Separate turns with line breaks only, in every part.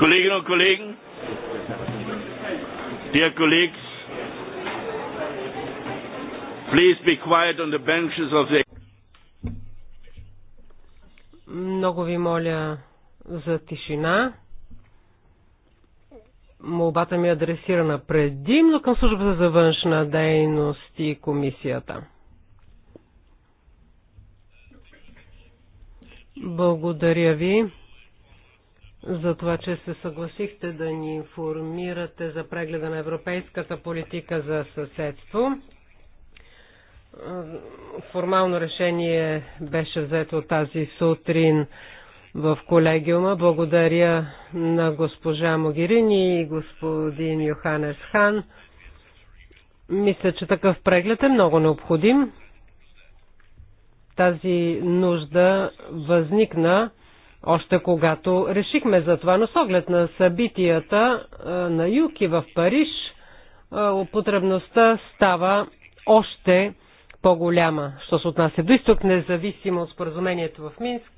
Kolleginnen
und Kollegen, dear colleagues, please be quiet on the benches of the...
Много ви моля за тишина. Молбата ми е адресирана предимно към службата за външна дейност и комисията. Благодаря ви за това, че се съгласихте да ни информирате за прегледа на европейската политика за съседство. Формално решение беше взето тази сутрин в колегиума. Благодаря на госпожа Могирини и господин Йоханес Хан. Мисля, че такъв преглед е много необходим. Тази нужда възникна още когато решихме за това. Но с оглед на събитията на Юки в Париж, потребността става още по-голяма. Що се отнася до изток, независимо от споразумението в Минск,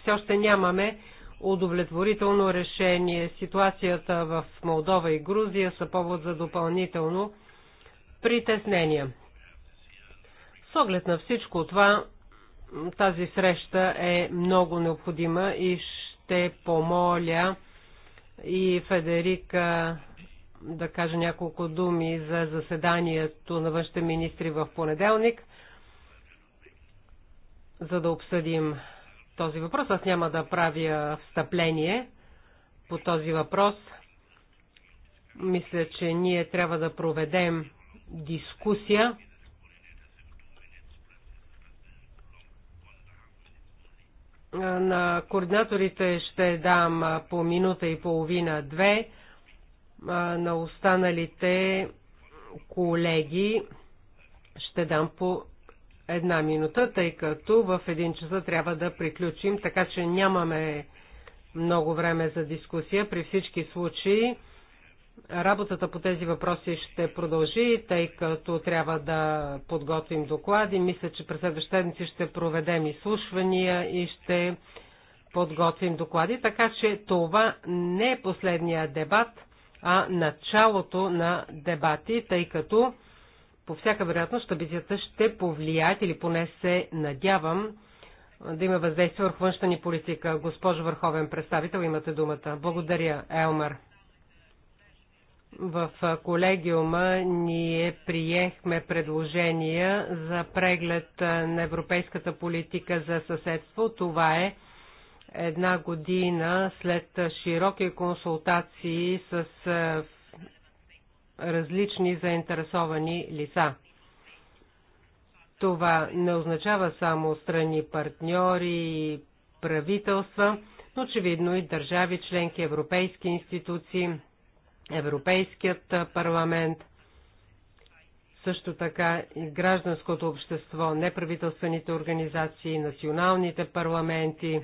все още нямаме удовлетворително решение. Ситуацията в Молдова и Грузия са повод за допълнително притеснение. С оглед на всичко това, тази среща е много необходима и ще помоля и Федерика да кажа няколко думи за заседанието на външните министри в понеделник, за да обсъдим този въпрос. Аз няма да правя встъпление по този въпрос. Мисля, че ние трябва да проведем дискусия на координаторите ще дам по минута и половина-две, на останалите колеги ще дам по една минута, тъй като в един часа трябва да приключим, така че нямаме много време за дискусия. При всички случаи Работата по тези въпроси ще продължи, тъй като трябва да подготвим доклади. Мисля, че през следващите седмици ще проведем изслушвания и ще подготвим доклади. Така че това не е последния дебат, а началото на дебати, тъй като по всяка вероятност табицията ще повлияят или поне се надявам да има въздействие върху външна ни политика. Госпожо Върховен представител, имате думата. Благодаря, Елмар в колегиума ние приехме предложения за преглед на европейската политика за съседство. Това е една година след широки консултации с различни заинтересовани лица. Това не означава само страни партньори и правителства, но очевидно и държави, членки, европейски институции, Европейският парламент, също така и гражданското общество, неправителствените организации, националните парламенти,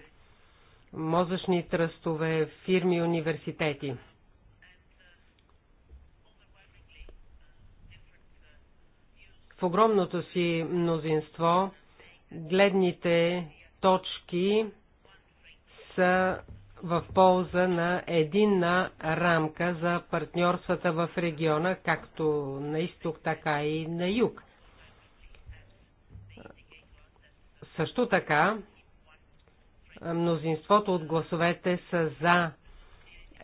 мозъчни тръстове, фирми и университети. В огромното си мнозинство гледните точки са в полза на единна рамка за партньорствата в региона, както на изток, така и на юг. Също така, мнозинството от гласовете са за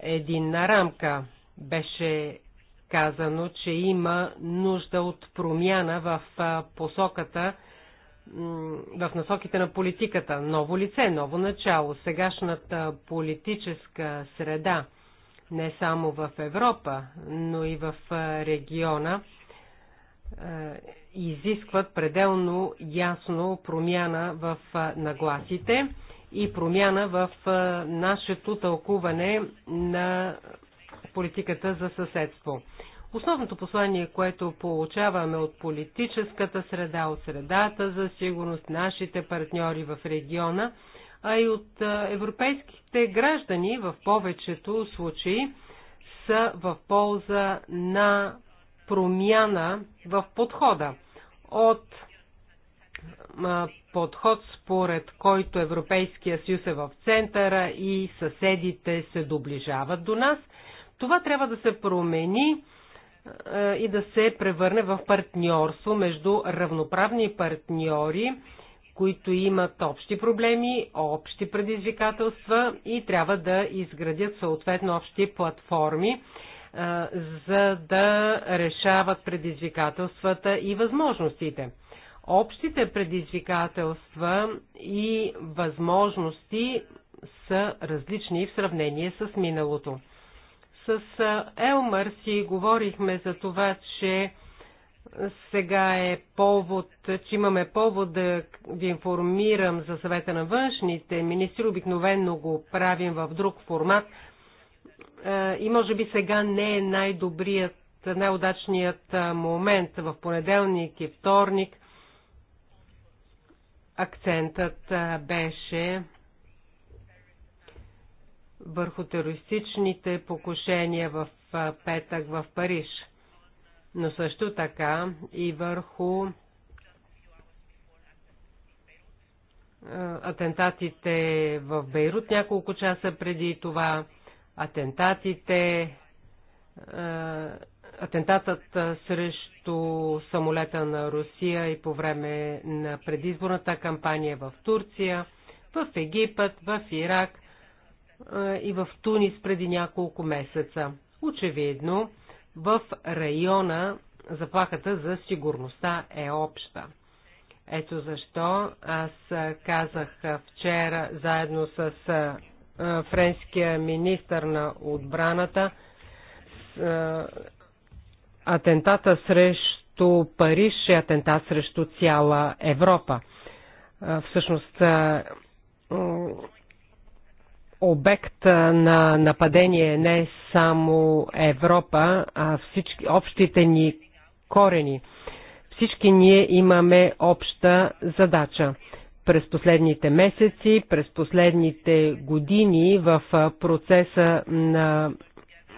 единна рамка. Беше казано, че има нужда от промяна в посоката в насоките на политиката. Ново лице, ново начало. Сегашната политическа среда, не само в Европа, но и в региона, изискват пределно ясно промяна в нагласите и промяна в нашето тълкуване на политиката за съседство. Основното послание, което получаваме от политическата среда, от средата за сигурност, нашите партньори в региона, а и от европейските граждани в повечето случаи са в полза на промяна в подхода. От подход, според който Европейския съюз е в центъра и съседите се доближават до нас, това трябва да се промени и да се превърне в партньорство между равноправни партньори, които имат общи проблеми, общи предизвикателства и трябва да изградят съответно общи платформи, за да решават предизвикателствата и възможностите. Общите предизвикателства и възможности са различни в сравнение с миналото. С Елмър си говорихме за това, че сега е повод, че имаме повод да ви информирам за съвета на външните министри. Обикновенно го правим в друг формат. И може би сега не е най-добрият, най-удачният момент в понеделник и вторник. Акцентът беше върху терористичните покушения в петък в Париж, но също така и върху атентатите в Бейрут няколко часа преди това, атентатите, атентатът срещу самолета на Русия и по време на предизборната кампания в Турция, в Египет, в Ирак – и в Тунис преди няколко месеца. Очевидно, в района заплахата за сигурността е обща. Ето защо аз казах вчера заедно с френския министр на отбраната атентата срещу Париж и е атентат срещу цяла Европа. Всъщност обект на нападение не само Европа, а всички общите ни корени. Всички ние имаме обща задача. През последните месеци, през последните години в процеса на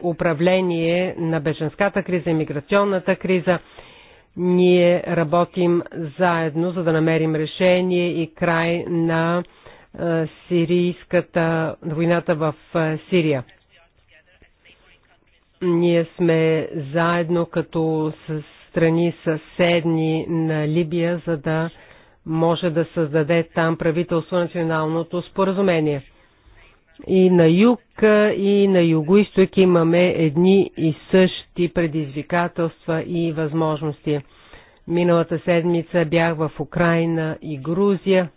управление на беженската криза и миграционната криза, ние работим заедно, за да намерим решение и край на е, сирийската войната в е, Сирия. Ние сме заедно като с страни съседни на Либия, за да може да създаде там правителство националното споразумение. И на юг, е, и на юго-исток имаме едни и същи предизвикателства и възможности. Миналата седмица бях в Украина и Грузия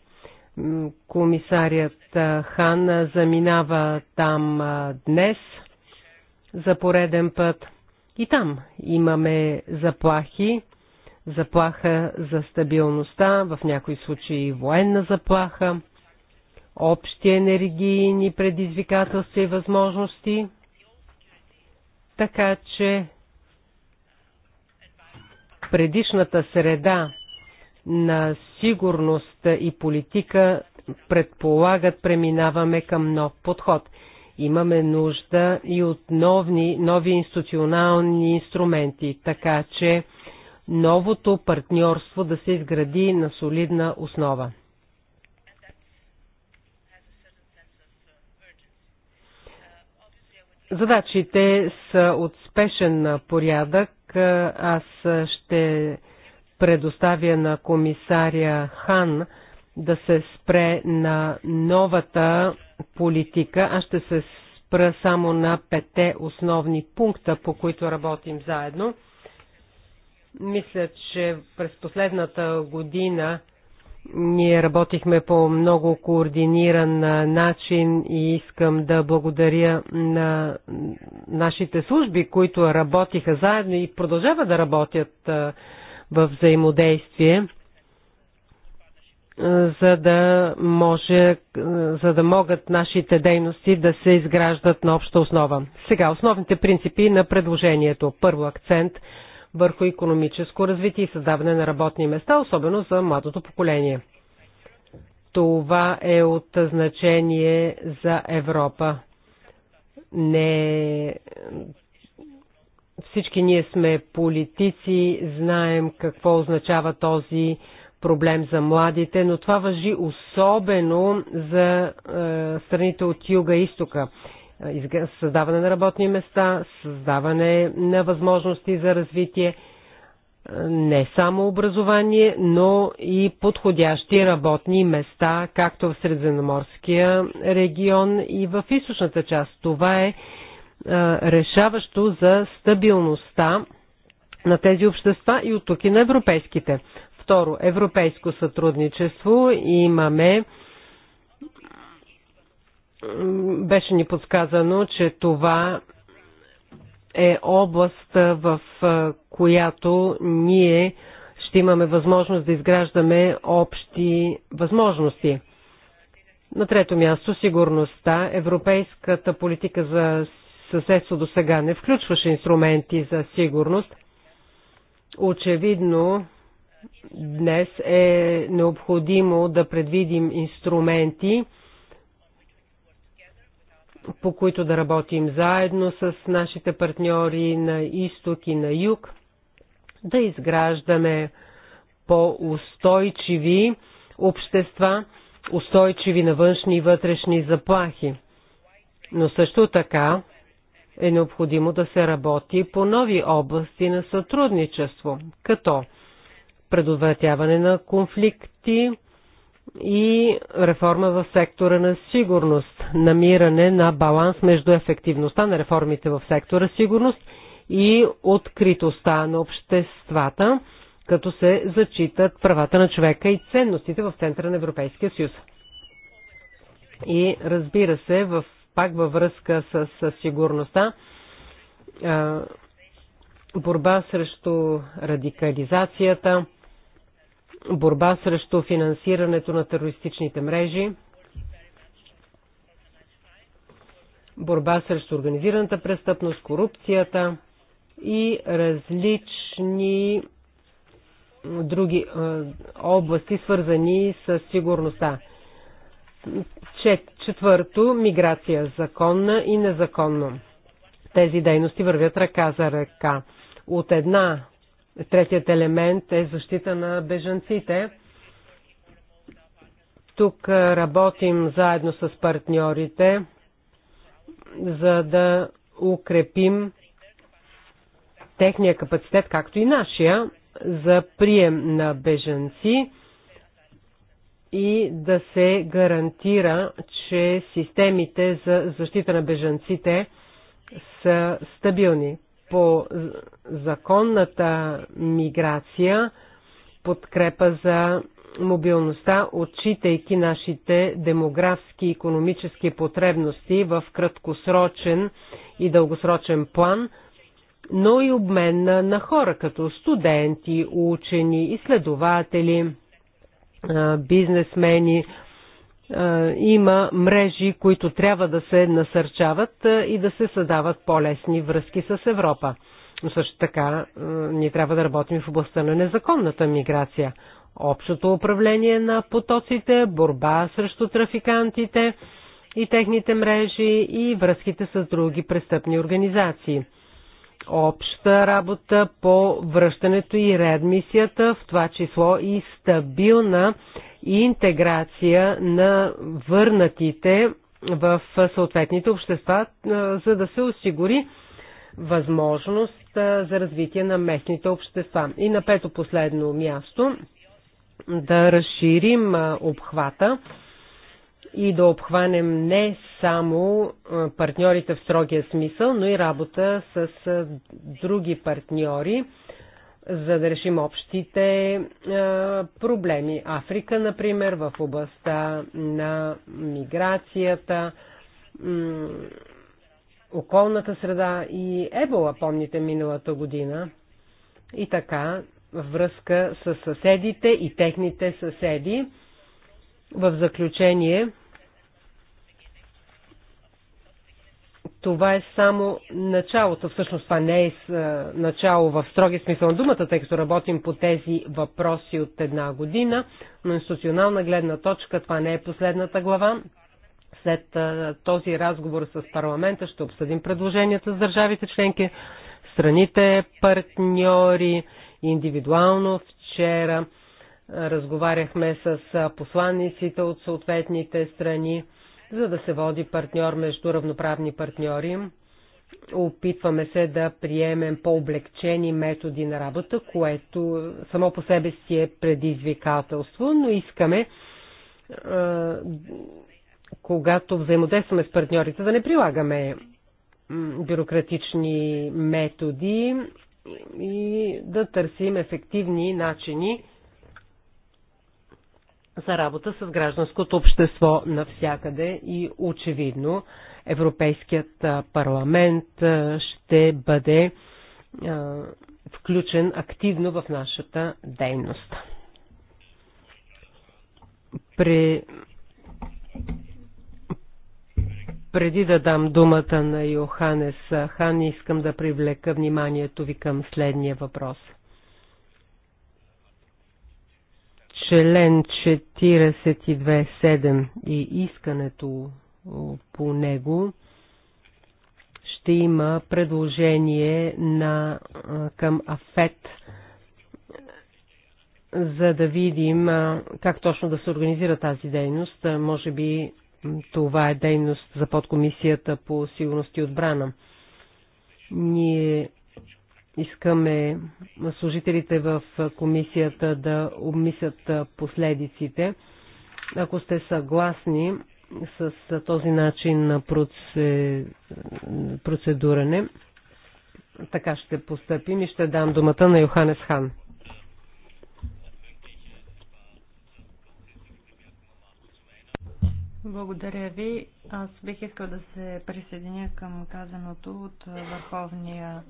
комисарият Хан заминава там днес за пореден път. И там имаме заплахи, заплаха за стабилността, в някои случаи военна заплаха, общи енергийни предизвикателства и възможности. Така че предишната среда на сигурност и политика предполагат преминаваме към нов подход. Имаме нужда и от нови, нови институционални инструменти, така че новото партньорство да се изгради на солидна основа. Задачите са от спешен порядък. Аз ще предоставя на комисаря Хан да се спре на новата политика. Аз ще се спра само на пете основни пункта, по които работим заедно. Мисля, че през последната година ние работихме по много координиран начин и искам да благодаря на нашите служби, които работиха заедно и продължават да работят в взаимодействие, за да, може, за да могат нашите дейности да се изграждат на обща основа. Сега, основните принципи на предложението. Първо акцент върху економическо развитие и създаване на работни места, особено за младото поколение. Това е от значение за Европа. Не е всички ние сме политици, знаем какво означава този проблем за младите, но това въжи особено за е, страните от юга и изтока. Създаване на работни места, създаване на възможности за развитие, е, не само образование, но и подходящи работни места, както в Средиземноморския регион и в източната част. Това е решаващо за стабилността на тези общества и от тук и на европейските. Второ, европейско сътрудничество имаме беше ни подсказано, че това е област, в която ние ще имаме възможност да изграждаме общи възможности. На трето място сигурността. Европейската политика за съседство до сега не включваше инструменти за сигурност. Очевидно, днес е необходимо да предвидим инструменти, по които да работим заедно с нашите партньори на изток и на юг, да изграждаме по-устойчиви общества, устойчиви на външни и вътрешни заплахи. Но също така е необходимо да се работи по нови области на сътрудничество, като предотвратяване на конфликти и реформа в сектора на сигурност, намиране на баланс между ефективността на реформите в сектора сигурност и откритостта на обществата, като се зачитат правата на човека и ценностите в центъра на Европейския съюз. И разбира се, в пак във връзка с, с сигурността, борба срещу радикализацията, борба срещу финансирането на терористичните мрежи, борба срещу организираната престъпност, корупцията и различни други области, свързани с сигурността. Четвърто, миграция законна и незаконно. Тези дейности вървят ръка за ръка. От една, третият елемент е защита на бежанците. Тук работим заедно с партньорите, за да укрепим техния капацитет, както и нашия, за прием на бежанци и да се гарантира, че системите за защита на бежанците са стабилни. По законната миграция подкрепа за мобилността, отчитайки нашите демографски и економически потребности в краткосрочен и дългосрочен план, но и обмен на хора, като студенти, учени, изследователи, бизнесмени. Има мрежи, които трябва да се насърчават и да се създават по-лесни връзки с Европа. Но също така ние трябва да работим в областта на незаконната миграция. Общото управление на потоците, борба срещу трафикантите и техните мрежи и връзките с други престъпни организации – обща работа по връщането и реадмисията, в това число и стабилна интеграция на върнатите в съответните общества, за да се осигури възможност за развитие на местните общества. И на пето последно място да разширим обхвата и да обхванем не само партньорите в строгия смисъл, но и работа с други партньори, за да решим общите проблеми. Африка, например, в областта на миграцията, околната среда и ебола, помните, миналата година. И така, връзка с съседите и техните съседи. В заключение, това е само началото. Всъщност това не е начало в строги смисъл на думата, тъй като работим по тези въпроси от една година, но институционална гледна точка това не е последната глава. След този разговор с парламента ще обсъдим предложенията с държавите членки, страните, партньори, индивидуално вчера разговаряхме с посланниците от съответните страни за да се води партньор между равноправни партньори. Опитваме се да приемем по-облегчени методи на работа, което само по себе си е предизвикателство, но искаме когато взаимодействаме с партньорите, да не прилагаме бюрократични методи и да търсим ефективни начини за работа с гражданското общество навсякъде и очевидно Европейският парламент ще бъде включен активно в нашата дейност. При... Преди да дам думата на Йоханес Хан, искам да привлека вниманието ви към следния въпрос – член 42.7 и искането по него ще има предложение на, към АФЕТ, за да видим как точно да се организира тази дейност. Може би това е дейност за подкомисията по сигурност и отбрана. Ние Искаме служителите в комисията да обмислят последиците. Ако сте съгласни с този начин на процедуране, така ще постъпим и ще дам думата на Йоханес Хан.
Благодаря ви. Аз бих искал да се присъединя към казаното от върховния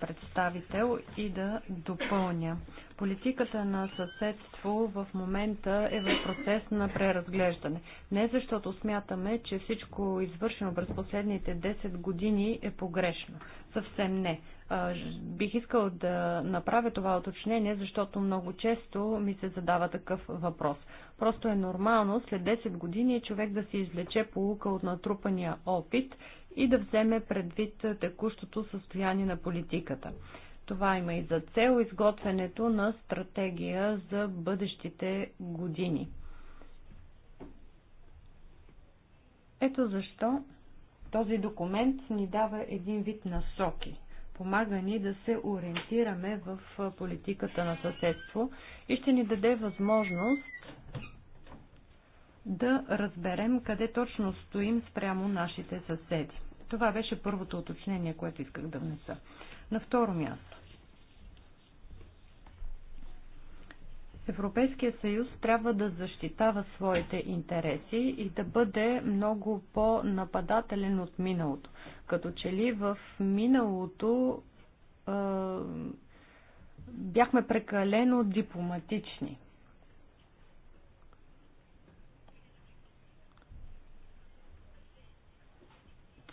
представител и да допълня. Политиката на съседство в момента е в процес на преразглеждане. Не защото смятаме, че всичко извършено през последните 10 години е погрешно. Съвсем не. Бих искал да направя това уточнение, защото много често ми се задава такъв въпрос. Просто е нормално след 10 години човек да се излече полука от натрупания опит и да вземе предвид текущото състояние на политиката. Това има и за цел изготвянето на стратегия за бъдещите години. Ето защо този документ ни дава един вид насоки. Помага ни да се ориентираме в политиката на съседство и ще ни даде възможност да разберем къде точно стоим спрямо нашите съседи. Това беше първото уточнение, което исках да внеса. На второ място. Европейския съюз трябва да защитава своите интереси и да бъде много по-нападателен от миналото. Като че ли в миналото е, бяхме прекалено дипломатични.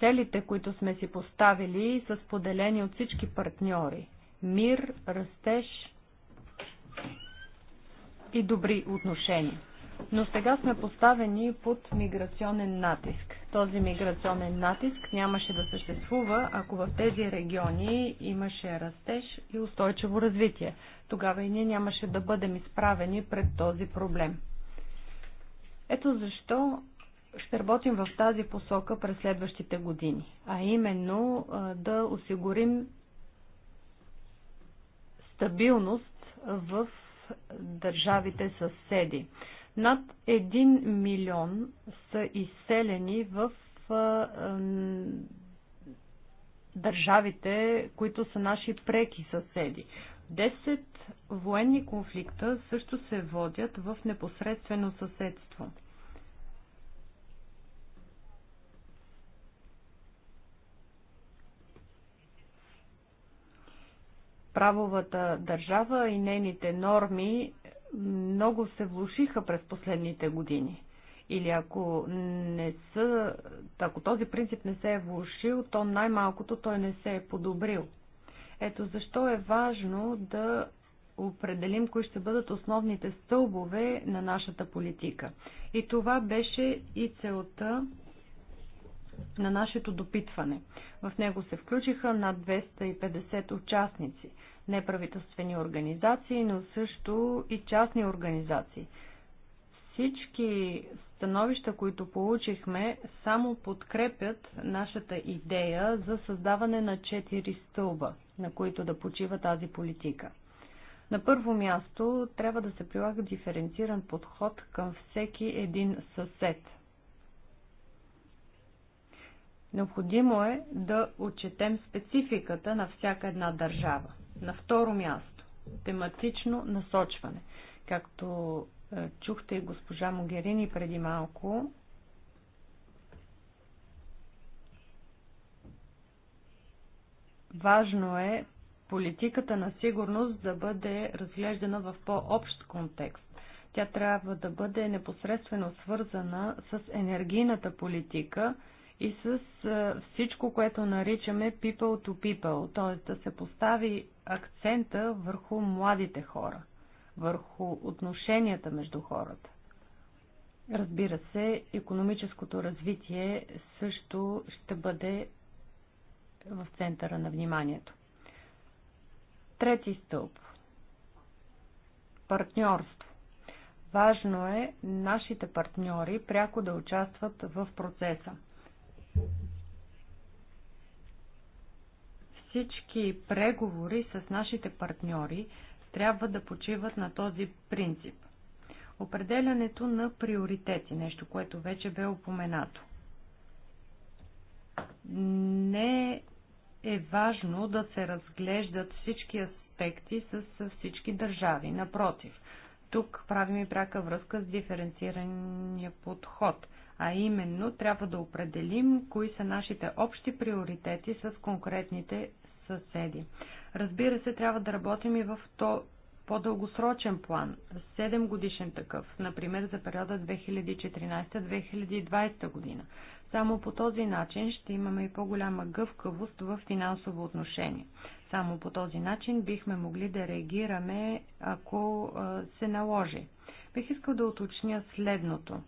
целите, които сме си поставили, са споделени от всички партньори. Мир, растеж и добри отношения. Но сега сме поставени под миграционен натиск. Този миграционен натиск нямаше да съществува, ако в тези региони имаше растеж и устойчиво развитие. Тогава и ние нямаше да бъдем изправени пред този проблем. Ето защо ще работим в тази посока през следващите години, а именно да осигурим стабилност в държавите съседи. Над 1 милион са изселени в държавите, които са наши преки съседи. 10 военни конфликта също се водят в непосредствено съседство – правовата държава и нейните норми много се влушиха през последните години. Или ако, не са, ако този принцип не се е влушил, то най-малкото той не се е подобрил. Ето защо е важно да определим кои ще бъдат основните стълбове на нашата политика. И това беше и целта на нашето допитване. В него се включиха над 250 участници, неправителствени организации, но също и частни организации. Всички становища, които получихме, само подкрепят нашата идея за създаване на четири стълба, на които да почива тази политика. На първо място трябва да се прилага диференциран подход към всеки един съсед – Необходимо е да отчетем спецификата на всяка една държава. На второ място, тематично насочване. Както е, чухте и госпожа Могерини преди малко, важно е политиката на сигурност да бъде разглеждана в по-общ контекст. Тя трябва да бъде непосредствено свързана с енергийната политика – и с всичко, което наричаме people to people, т.е. да се постави акцента върху младите хора, върху отношенията между хората. Разбира се, економическото развитие също ще бъде в центъра на вниманието. Трети стълб. Партньорство. Важно е нашите партньори пряко да участват в процеса. всички преговори с нашите партньори трябва да почиват на този принцип. Определянето на приоритети, нещо, което вече бе упоменато. Не е важно да се разглеждат всички аспекти с всички държави. Напротив, тук правим и пряка връзка с диференцирания подход, а именно трябва да определим кои са нашите общи приоритети с конкретните съседи. Разбира се, трябва да работим и в то, по-дългосрочен план, 7 годишен такъв, например за периода 2014-2020 година. Само по този начин ще имаме и по-голяма гъвкавост в финансово отношение. Само по този начин бихме могли да реагираме, ако се наложи. Бих искал да уточня следното.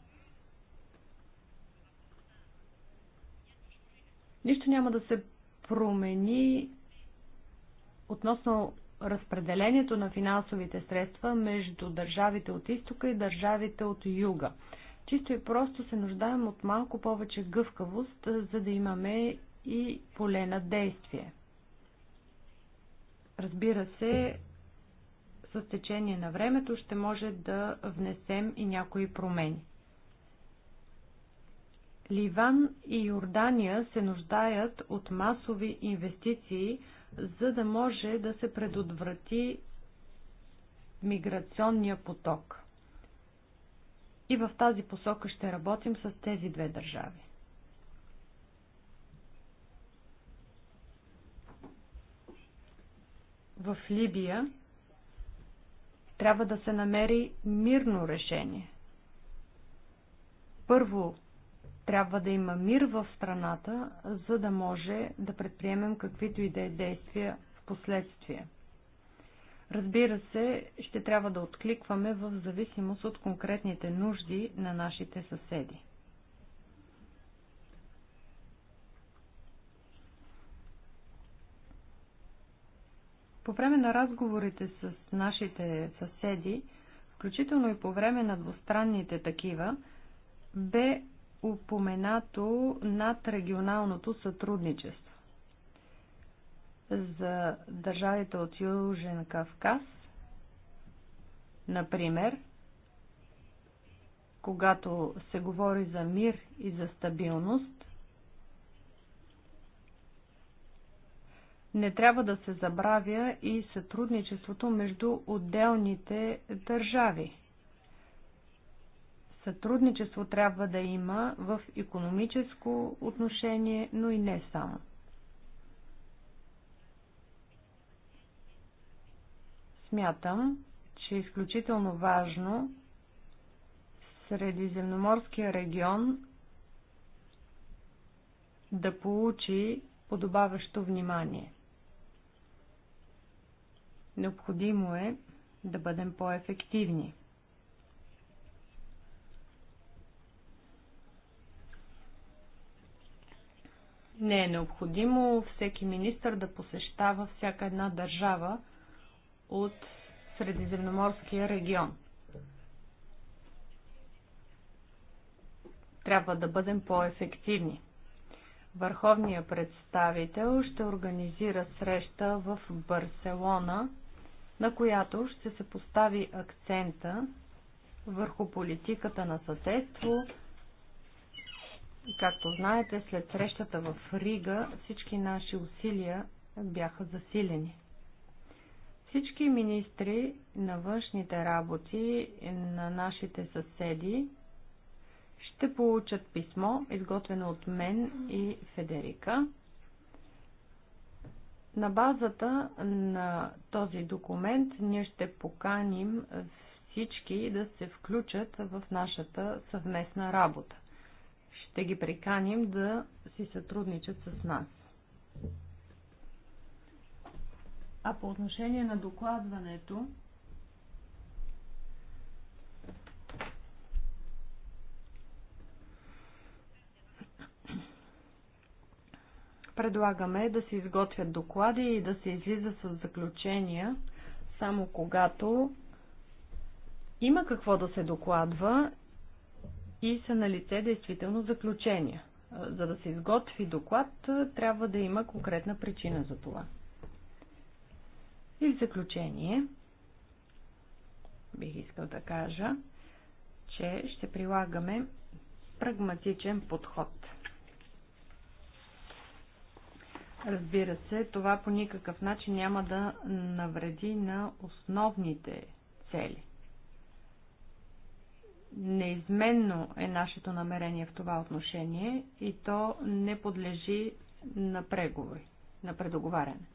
Нищо няма да се промени относно разпределението на финансовите средства между държавите от изтока и държавите от юга. Чисто и просто се нуждаем от малко повече гъвкавост, за да имаме и поле на действие. Разбира се, с течение на времето ще може да внесем и някои промени. Ливан и Йордания се нуждаят от масови инвестиции – за да може да се предотврати миграционния поток. И в тази посока ще работим с тези две държави. В Либия трябва да се намери мирно решение. Първо трябва да има мир в страната, за да може да предприемем каквито и да е действия в последствие. Разбира се, ще трябва да откликваме в зависимост от конкретните нужди на нашите съседи. По време на разговорите с нашите съседи, включително и по време на двустранните такива, бе упоменато над регионалното сътрудничество. За държавите от Южен Кавказ, например, когато се говори за мир и за стабилност, не трябва да се забравя и сътрудничеството между отделните държави. Сътрудничество трябва да има в економическо отношение, но и не само. Смятам, че е изключително важно Средиземноморския регион да получи подобаващо внимание. Необходимо е да бъдем по-ефективни. Не е необходимо всеки министр да посещава всяка една държава от Средиземноморския регион. Трябва да бъдем по-ефективни. Върховният представител ще организира среща в Барселона, на която ще се постави акцента върху политиката на съседство, Както знаете, след срещата в Рига всички наши усилия бяха засилени. Всички министри на външните работи на нашите съседи ще получат писмо, изготвено от мен и Федерика. На базата на този документ ние ще поканим всички да се включат в нашата съвместна работа ще ги приканим да си сътрудничат с нас. А по отношение на докладването, предлагаме да се изготвят доклади и да се излиза с заключения, само когато има какво да се докладва и са на лице действително заключения. За да се изготви доклад, трябва да има конкретна причина за това. И в заключение, бих искал да кажа, че ще прилагаме прагматичен подход. Разбира се, това по никакъв начин няма да навреди на основните цели – неизменно е нашето намерение в това отношение и то не подлежи на преговори, на предоговаряне.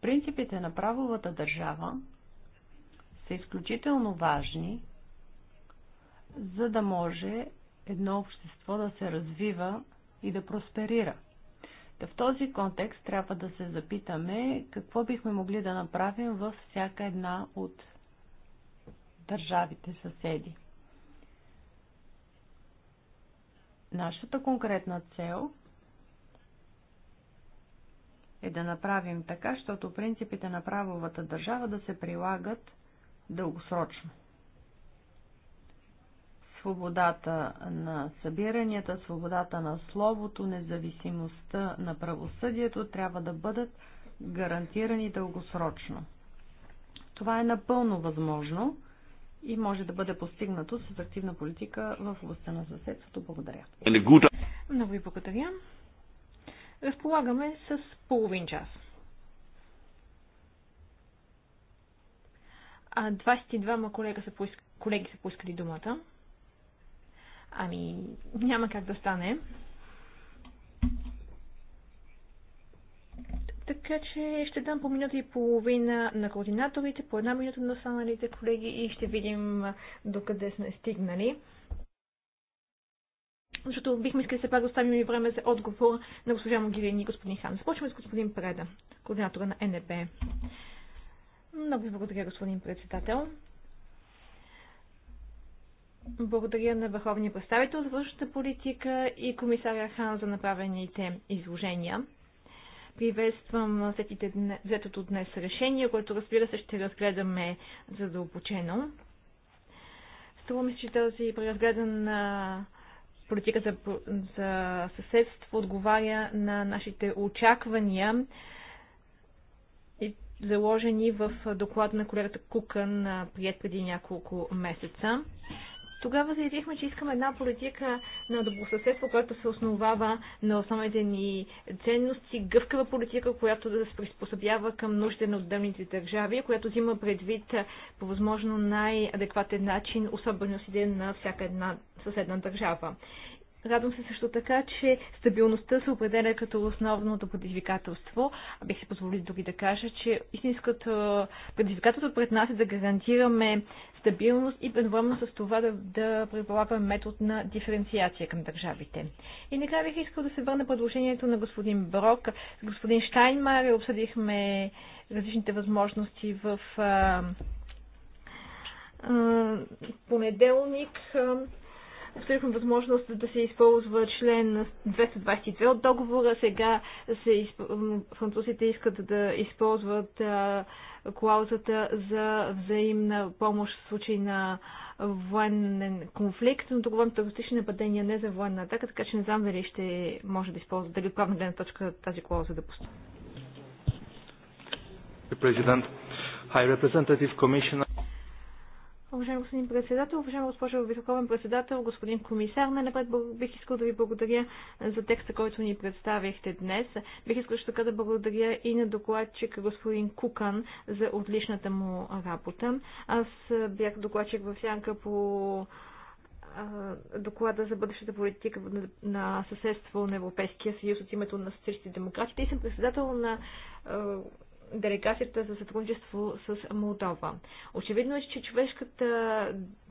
Принципите на правовата държава са изключително важни, за да може едно общество да се развива и да просперира – в този контекст трябва да се запитаме какво бихме могли да направим във всяка една от държавите съседи. Нашата конкретна цел е да направим така, защото принципите на правовата държава да се прилагат дългосрочно свободата на събиранията, свободата на словото, независимостта на правосъдието трябва да бъдат гарантирани дългосрочно. Това е напълно възможно и може да бъде постигнато с активна политика в областта на съседството. Благодаря. Много ви благодаря. Разполагаме с
половин час. 22 колега са поискали, колеги са поискали думата. Ами, няма как да стане. Така че ще дам по минута и половина на координаторите, по една минута на останалите колеги и ще видим докъде сме стигнали. Защото бихме искали се пак да оставим и време за отговор на госпожа Могилини и господин Хан. Започваме с господин Преда, координатора на НП. Много ви благодаря, господин председател. Благодаря на Върховния представител за външната политика и комисаря Хан за направените изложения. Приветствам взетото днес решение, което разбира се ще разгледаме задълбочено. Струва ми се, че този преразгледан политика за, за съседство отговаря на нашите очаквания заложени в доклад на колегата Кукън, прият преди няколко месеца. Тогава заявихме, че искаме една политика на добросъседство, която се основава на основните ни ценности, гъвкава политика, която да се приспособява към нуждите на отделните държави, която взима предвид по възможно най-адекватен начин особеностите на всяка една съседна държава. Радвам се също така, че стабилността се определя като основното предизвикателство. Бих си позволил дори да кажа, че истинското предизвикателство пред нас е да гарантираме стабилност и едновременно с това да, да предполагаме метод на диференциация към държавите. И накрая бих искал да се върна предложението на господин Брок. С господин Штайнмар обсъдихме различните възможности в а, а, понеделник. А, абсолютно възможност да се използва член 222 от договора. Сега се изп... французите искат да използват а, клаузата за взаимна помощ в случай на военен конфликт, но тук говорим терористични нападения, не за военна атака, така че не знам дали ще може да използва, дали правна гледна точка тази клауза да пусне. Президент, High Representative Commissioner. Уважаеми господин председател, уважаема госпожа Високовен председател, господин комисар, най-напред бих искал да ви благодаря за текста, който ни представихте днес. Бих искал така да благодаря и на докладчик господин Кукан за отличната му работа. Аз бях докладчик в Сянка по доклада за бъдещата политика на съседство на Европейския съюз от името на социалистите демократите и съм председател на делегацията за сътрудничество с Молдова. Очевидно е, че човешката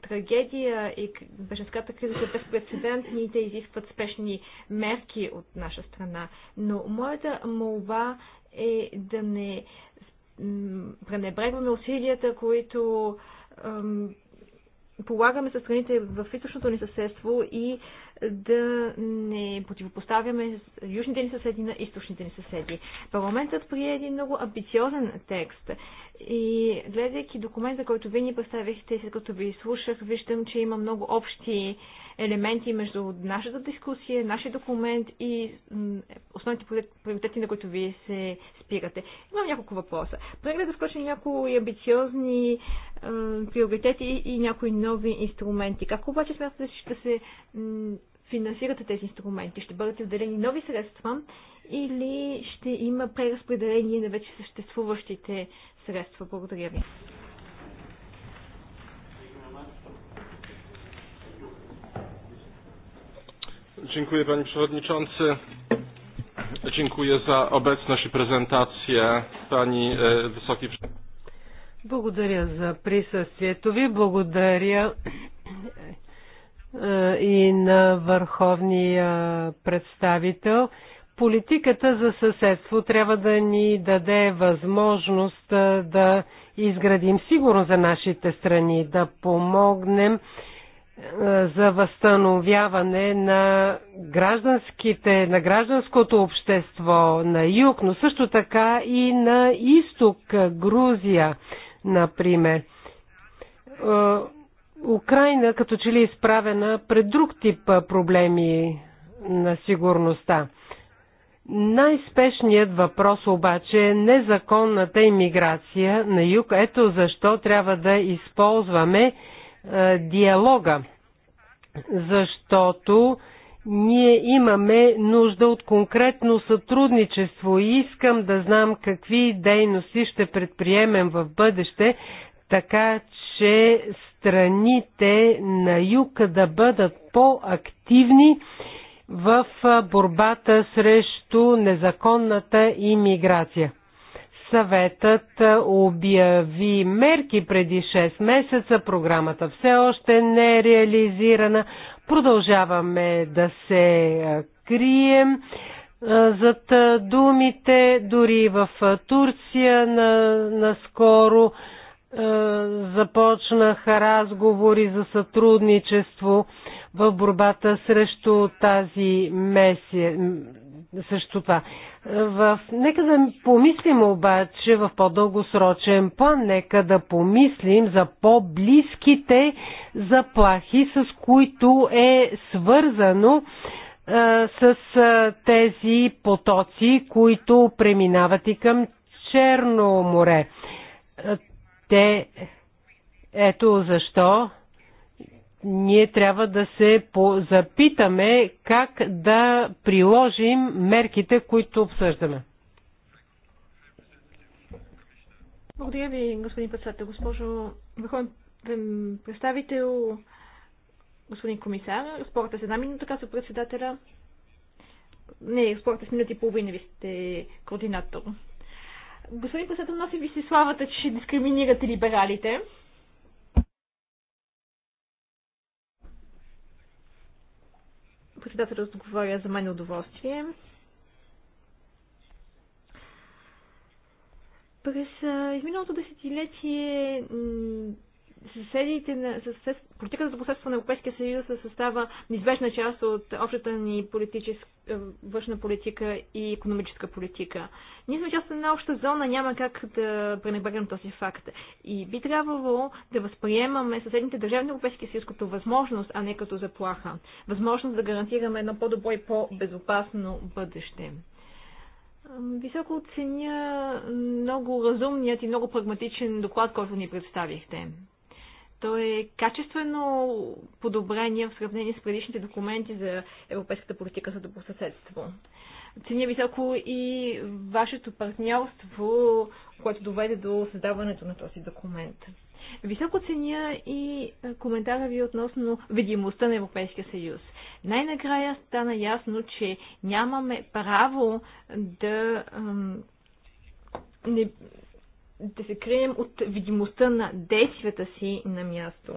трагедия и беженската криза са безпредседентни да изискват спешни мерки от наша страна. Но моята молба е да не пренебрегваме усилията, които ем, полагаме със страните в източното ни съседство и да не противопоставяме южните ни съседи на източните ни съседи. Парламентът прие един много амбициозен текст и гледайки документа, който вие ни представихте, след като ви слушах, виждам, че има много общи елементи между нашата дискусия, нашия документ и основните приоритети, на които вие се спирате. Имам няколко въпроса. Преглед да включим някои амбициозни приоритети и някои нови инструменти. Как обаче смятате, че ще се финансирате тези инструменти? Ще бъдат отделени нови средства или ще има преразпределение на вече съществуващите средства? Благодаря ви.
Dziękuję Panie Przewodniczący. Dziękuję za obecność i prezentację Pani e, Wysokiej Przewodniczącej. Dziękuję za присъствието ви. Благодаря е, и на върховния представител. Политиката за съседство трябва да ни даде възможност е, да изградим сигурно за нашите страни, да помогнем е, за възстановяване на гражданските, на гражданското общество на юг, но също така и на изток, Грузия, например Украина като че ли е изправена пред друг тип проблеми на сигурността. Най-спешният въпрос обаче е незаконната иммиграция на юг. Ето защо трябва да използваме е, диалога, защото ние имаме нужда от конкретно сътрудничество и искам да знам какви дейности ще предприемем в бъдеще, така че страните на юг да бъдат по-активни в борбата срещу незаконната имиграция. Съветът обяви мерки преди 6 месеца, програмата все още не е реализирана, продължаваме да се крием зад думите, дори в Турция на, наскоро е, започнаха разговори за сътрудничество в борбата срещу тази месия, Също това. Е, в... Нека да помислим обаче в по-дългосрочен план, нека да помислим за по-близките заплахи, с които е свързано е, с тези потоци, които преминават и към Черно море те, ето защо ние трябва да се запитаме как да приложим мерките, които обсъждаме.
Благодаря ви, господин председател. Госпожо върховен представител, господин комисар, спорта с една минута, казва председателя. Не, спорта с минути и половина ви сте координатор. Господин председател, носи ви си славата, че ще дискриминирате либералите. Председателът отговоря за мен удоволствие. През изминалото десетилетие съседите на, съсед, политиката за посредство на Европейския съюз се състава неизбежна част от общата ни политическа, е, външна политика и економическа политика. Ние сме част на обща зона, няма как да пренебрегнем този факт. И би трябвало да възприемаме съседните държави на Европейския съюз като възможност, а не като заплаха. Възможност да гарантираме едно по-добро и по-безопасно бъдеще. Високо оценя много разумният и много прагматичен доклад, който ни представихте. То е качествено подобрение в сравнение с предишните документи за европейската политика за добросъседство. Ценя високо и вашето партньорство, което доведе до създаването на този документ. Високо ценя и коментара ви относно видимостта на Европейския съюз. Най-накрая стана ясно, че нямаме право да не, да се крием от видимостта на действията си на място.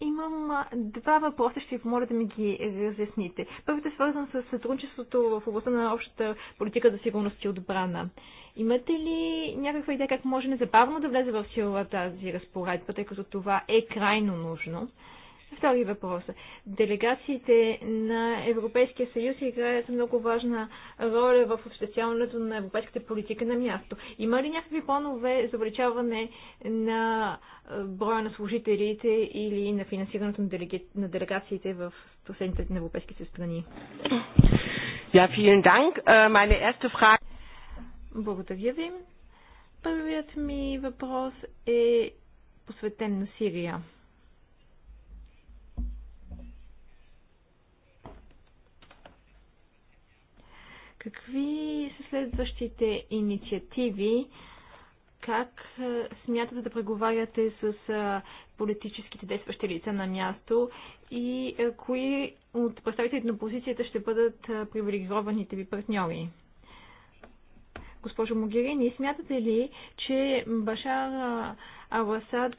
Имам два въпроса, ще ви помоля да ми ги разясните. Първият е свързан с сътрудничеството в областта на общата политика за сигурност и отбрана. Имате ли някаква идея как може незабавно да влезе в сила тази разпоредба, тъй като това е крайно нужно? Втори въпрос. Делегациите на Европейския съюз играят много важна роля в осъществяването на европейската политика на място. Има ли някакви планове за увеличаване на броя на служителите или на финансирането на делегациите в последните на европейските страни? Ja, vielen Dank. Äh, meine erste Frage. Благодаря ви. Първият ми въпрос е посветен на Сирия. Какви са следващите инициативи? Как е, смятате да преговаряте с е, политическите действащи лица на място и е, кои от представителите на опозицията ще бъдат привилегированите ви партньори? Госпожо Могерини, смятате ли, че Башар Аласад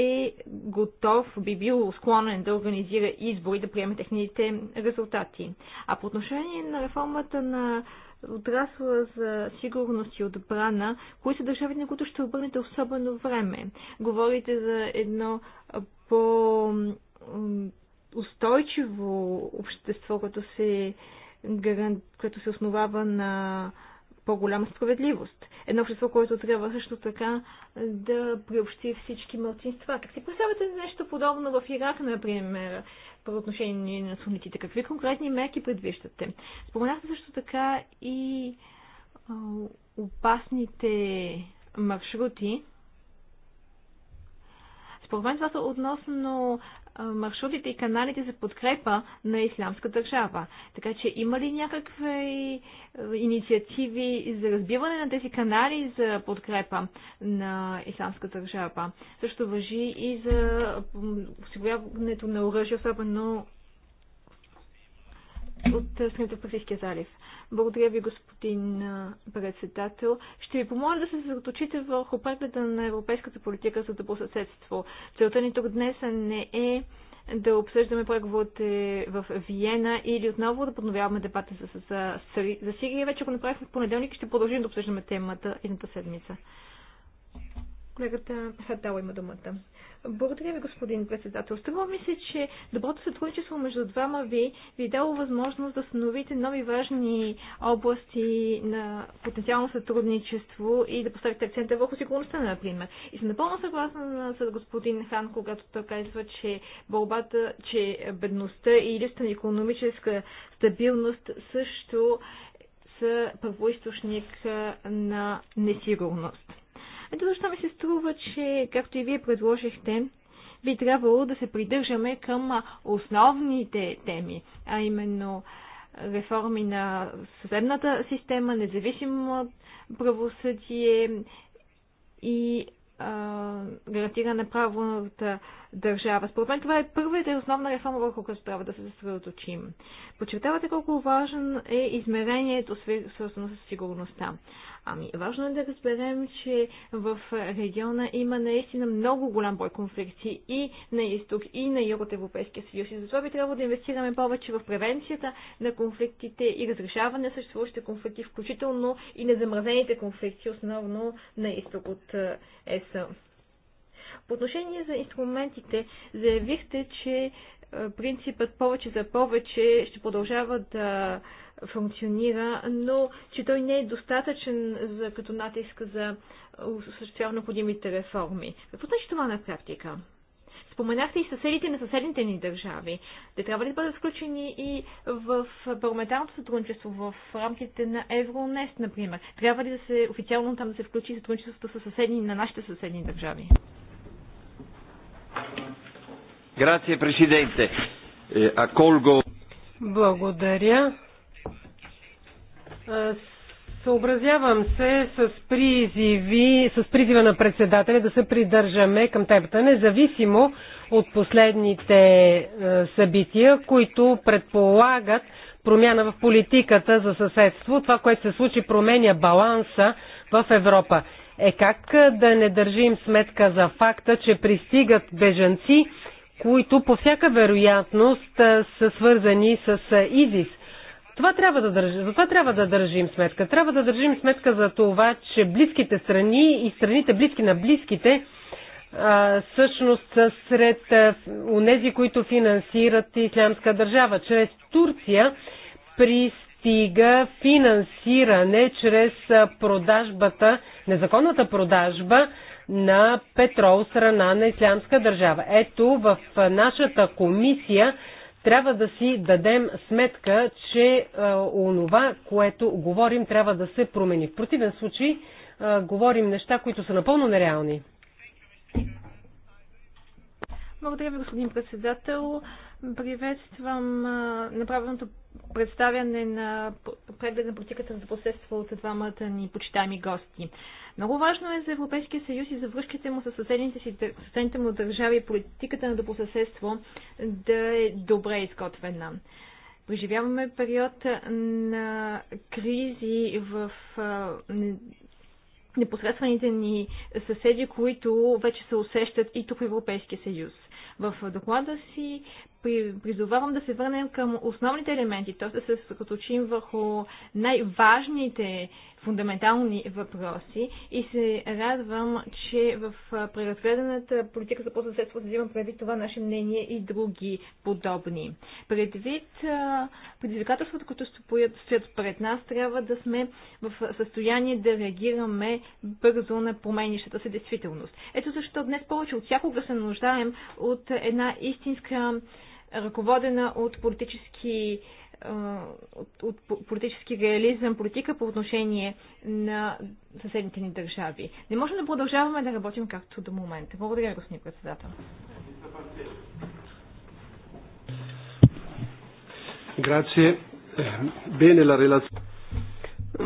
е готов, би бил склонен да организира избори, да приеме техните резултати. А по отношение на реформата на отрасла за сигурност и отбрана, кои са държавите, на които ще обърнете особено време? Говорите за едно по устойчиво общество, което се, гарант... което се основава на по-голяма справедливост. Едно общество, което трябва също така да приобщи всички мълчинства. Как си представяте нещо подобно в Ирак, например, по отношение на сунитите? Какви конкретни мерки предвиждате? Споменахте също така и опасните маршрути. Според мен това са относно маршрутите и каналите за подкрепа на ислямска държава. Така че има ли някакви инициативи за разбиване на тези канали за подкрепа на ислямска държава? Също въжи и за осигуряването на оръжие, особено от страните в залив. Благодаря ви, господин председател. Ще ви помоля да се съсредоточите върху прегледа на европейската политика за добросъседство. Целта ни тук днес не е да обсъждаме преговорите в Виена или отново да подновяваме дебата за, за, за, за Сирия. Вече ако направихме в понеделник ще продължим да обсъждаме темата едната седмица. Колегата Хатала има думата. Благодаря ви, господин председател. Струва ми се, че доброто сътрудничество между двама ви ви е дало възможност да установите нови важни области на потенциално сътрудничество и да поставите акцента върху сигурността, например. И съм напълно съгласна с господин Хан, когато той казва, че борбата, че бедността и листа на економическа стабилност също са първоисточник на несигурност. Ето защо ми се струва, че, както и вие предложихте, би трябвало да се придържаме към основните теми, а именно реформи на съдебната система, независимо правосъдие и гарантиране право на държава. Според мен това е първата и основна реформа, върху която трябва да се съсредоточим. Подчертавате колко важен е измерението, свързано с сигурността. Ами, важно е да разберем, че в региона има наистина много голям брой конфликти и на изток, и на юг от Европейския съюз. И затова би трябвало да инвестираме повече в превенцията на конфликтите и разрешаване на съществуващите конфликти, включително и замразените конфликти, основно на изток от е, ЕС. По отношение за инструментите, заявихте, че е, принципът повече за повече ще продължава да функционира, но че той не е достатъчен за, като натиск за осъществяване необходимите реформи. Какво значи това на практика? Споменахте и съседите на съседните ни държави. Те трябва да бъдат включени и в парламентарното сътрудничество в рамките на Евронест, например. Трябва ли да се официално там да се включи сътрудничеството с съседни на нашите съседни държави?
президенте. Аколго. Eh,
Благодаря. Съобразявам се с, призиви, с призива на председателя да се придържаме към темата, независимо от последните е, събития, които предполагат промяна в политиката за съседство. Това, което се случи, променя баланса в Европа. Е как да не държим сметка за факта, че пристигат бежанци, които по всяка вероятност е, са свързани с е, ИЗИС? Това трябва, да държим, за това трябва да държим сметка. Трябва да държим сметка за това, че близките страни и страните близки на близките а, всъщност са сред онези, които финансират Ислямска държава. Чрез Турция пристига финансиране чрез продажбата, незаконната продажба на петрол страна на Ислямска държава. Ето в нашата комисия трябва да си дадем сметка, че онова, което говорим, трябва да се промени. В противен случай а, говорим неща, които са напълно нереални.
Благодаря ви, господин председател. Приветствам направеното представяне на преглед на политиката за посредство от двамата ни почитаеми гости. Много важно е за Европейския съюз и за връзките му с съседните, си, съседните му държави и политиката на добросъседство да е добре изготвена. Преживяваме период на кризи в непосредствените ни съседи, които вече се усещат и тук в Европейския съюз. В доклада си призовавам да се върнем към основните елементи, т.е. да се съсредоточим върху най-важните фундаментални въпроси и се радвам, че в преразгледаната политика за по съседство да взимам предвид това наше мнение и други подобни. Предвид предизвикателствата, които стоят пред нас, трябва да сме в състояние да реагираме бързо на променящата се действителност. Ето защо днес повече от всякога се нуждаем от една истинска ръководена от политически от, политически реализъм, политика по отношение на съседните ни държави. Не можем да продължаваме да работим както до момента. Благодаря, господин председател.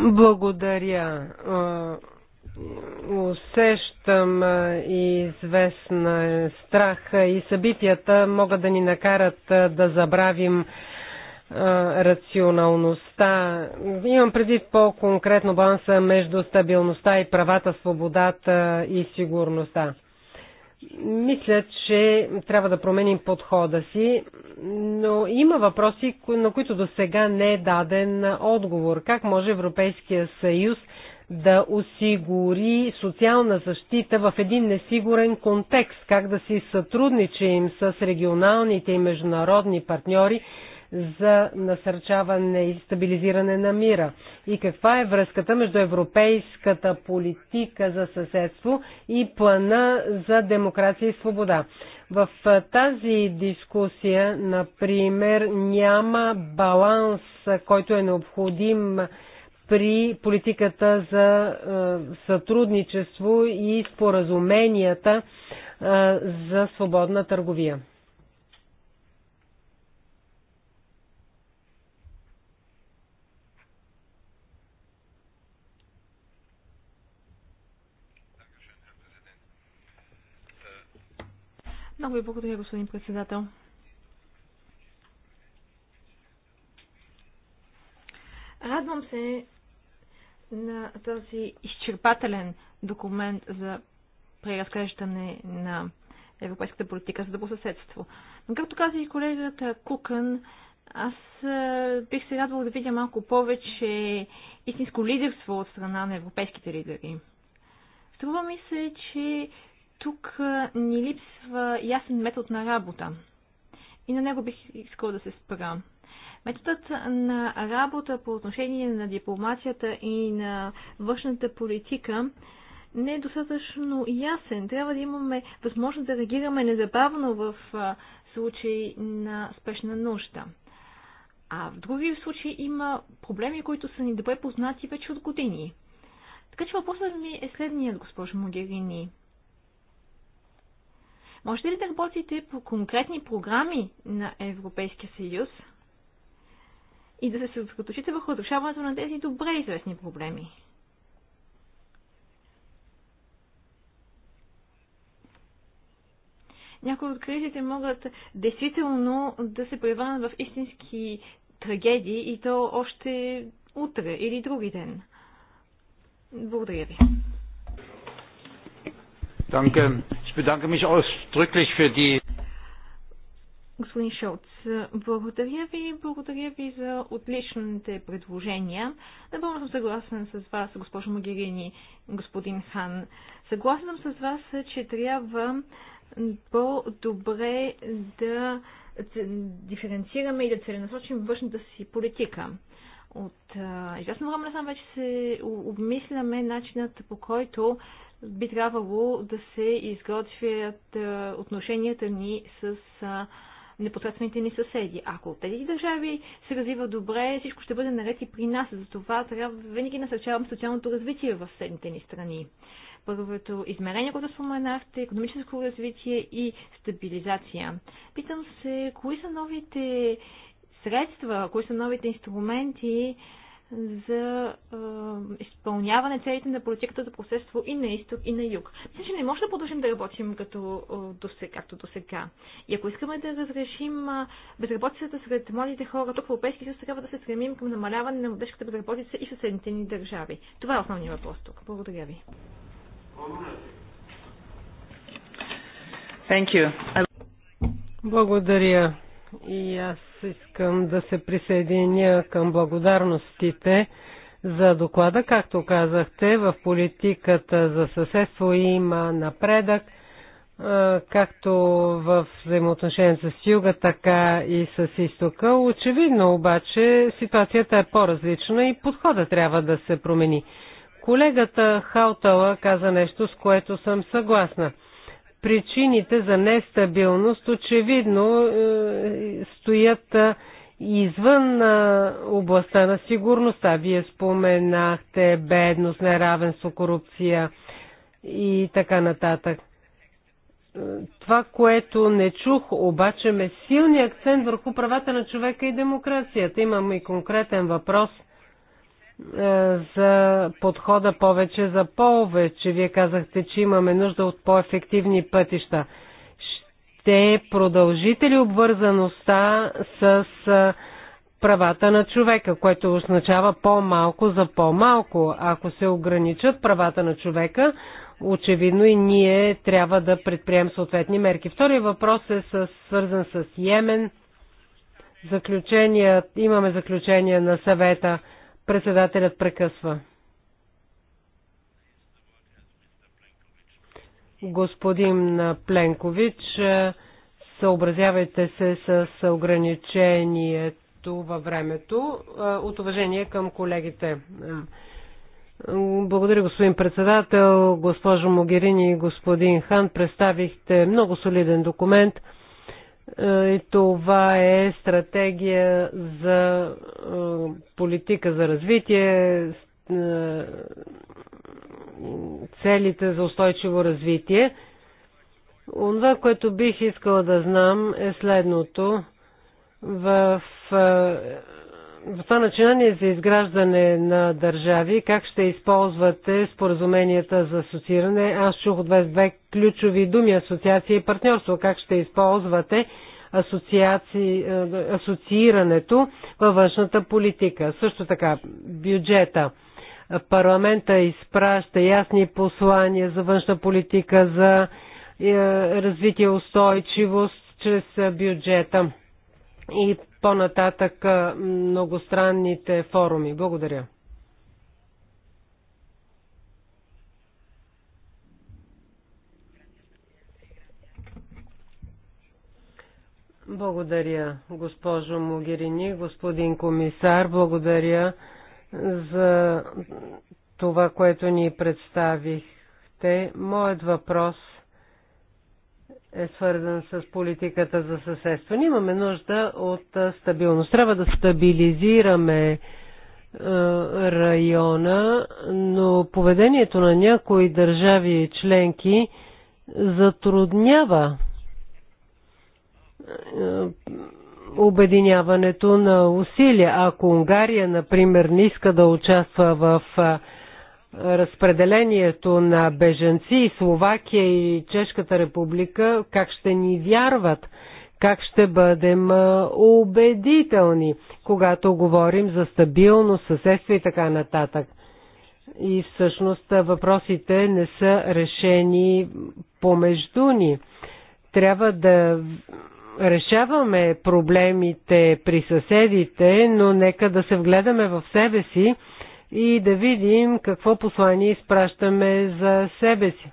Благодаря усещам известна страх и събитията могат да ни накарат да забравим рационалността. Имам предвид по-конкретно баланса между стабилността и правата, свободата и сигурността. Мисля, че трябва да променим подхода си, но има въпроси, на които до сега не е даден отговор. Как може Европейския съюз да осигури социална защита в един несигурен контекст, как да си сътрудничим с регионалните и международни партньори за насърчаване и стабилизиране на мира? И каква е връзката между европейската политика за съседство и плана за демокрация и свобода? В тази дискусия, например, няма баланс, който е необходим при политиката за е, сътрудничество и споразуменията е, за свободна търговия.
Много ви благодаря, господин председател. Радвам се, на този изчерпателен документ за преразглеждане на европейската политика за добросъседство. Но както каза и колегата Кукън, аз бих се радвал да видя малко повече истинско лидерство от страна на европейските лидери. Струва ми се, че тук ни липсва ясен метод на работа. И на него бих искал да се спра. Методът на работа по отношение на дипломацията и на външната политика не е достатъчно ясен. Трябва да имаме възможност да реагираме незабавно в случай на спешна нужда. А в други случаи има проблеми, които са ни добре познати вече от години. Така че въпросът ми е следният, госпожо Могерини. Можете ли да работите по конкретни програми на Европейския съюз – и да се съсредоточите върху разрешаването на тези добре известни проблеми. Някои от кризите могат действително да се превърнат в истински трагедии и то още утре или други ден. Благодаря ви. Danke. Ich bedanke mich ausdrücklich für die скриншот. Благодаря ви, благодаря ви за отличните предложения. Напълно съм съгласен с вас, госпожо Магирини, господин Хан. Съгласен съм с вас, че трябва по-добре да диференцираме и да целенасочим външната си политика. От известно време насам вече се обмисляме начинът по който би трябвало да се изготвят отношенията ни с непосредствените ни съседи. Ако тези държави се развива добре, всичко ще бъде наред и при нас. Затова трябва винаги насърчавам социалното развитие в съседните ни страни. Първото измерение, което споменахте, економическо развитие и стабилизация. Питам се, кои са новите средства, кои са новите инструменти, за е, изпълняване целите на политиката за посредство и на изток, и на юг. Мисля, че не може да продължим да работим като, до сега, както до сега. И ако искаме да разрешим безработицата сред младите хора тук в Европейския съюз, трябва да се стремим към намаляване на младежката безработица и съседните ни държави. Това е основният въпрос тук. Благодаря ви.
Thank you. Благодаря. И аз искам да се присъединя към благодарностите за доклада. Както казахте, в политиката за съседство има напредък, както в взаимоотношенията с юга, така и с изтока. Очевидно обаче ситуацията е по-различна и подхода трябва да се промени. Колегата Хаутала каза нещо, с което съм съгласна – причините за нестабилност очевидно е, стоят е, извън е, областта на сигурността. Вие споменахте бедност, неравенство, корупция и така нататък. Това, което не чух, обаче ме силни акцент върху правата на човека и демокрацията. Имам и конкретен въпрос – е, за подхода повече за повече. Вие казахте, че имаме нужда от по-ефективни пътища. Ще продължите ли обвързаността с е, правата на човека, което означава по-малко за по-малко. Ако се ограничат правата на човека, очевидно и ние трябва да предприем съответни мерки. Втория въпрос е свързан с Йемен. Заключения, имаме заключение на съвета Председателят прекъсва. Господин Пленкович, съобразявайте се с ограничението във времето. От уважение към колегите. Благодаря, господин председател, госпожо Могерини и господин Хан. Представихте много солиден документ. Е, и това е стратегия за е, политика за развитие, е, целите за устойчиво развитие. Онова, което бих искала да знам е следното. В в това начинание за изграждане на държави, как ще използвате споразуменията за асоцииране? Аз чух от вас две ключови думи асоциация и партньорство. Как ще използвате асоциаци... Е, асоциирането във външната политика? Също така, бюджета. Парламента изпраща ясни послания за външна политика, за е, развитие устойчивост чрез е, бюджета. И по-нататък многостранните форуми. Благодаря. Благодаря, госпожо Могерини, господин комисар. Благодаря за това, което ни представихте. Моят въпрос – е свързан с политиката за съседство. Ние имаме нужда от стабилност. Трябва да стабилизираме района, но поведението на някои държави и членки затруднява обединяването на усилия. Ако Унгария, например, не иска да участва в разпределението на бежанци Словакия и Чешката република, как ще ни вярват, как ще бъдем убедителни, когато говорим за стабилност, съседство и така нататък. И всъщност въпросите не са решени помежду ни. Трябва да решаваме проблемите при съседите, но нека да се вгледаме в себе си и да видим какво послание изпращаме за себе си.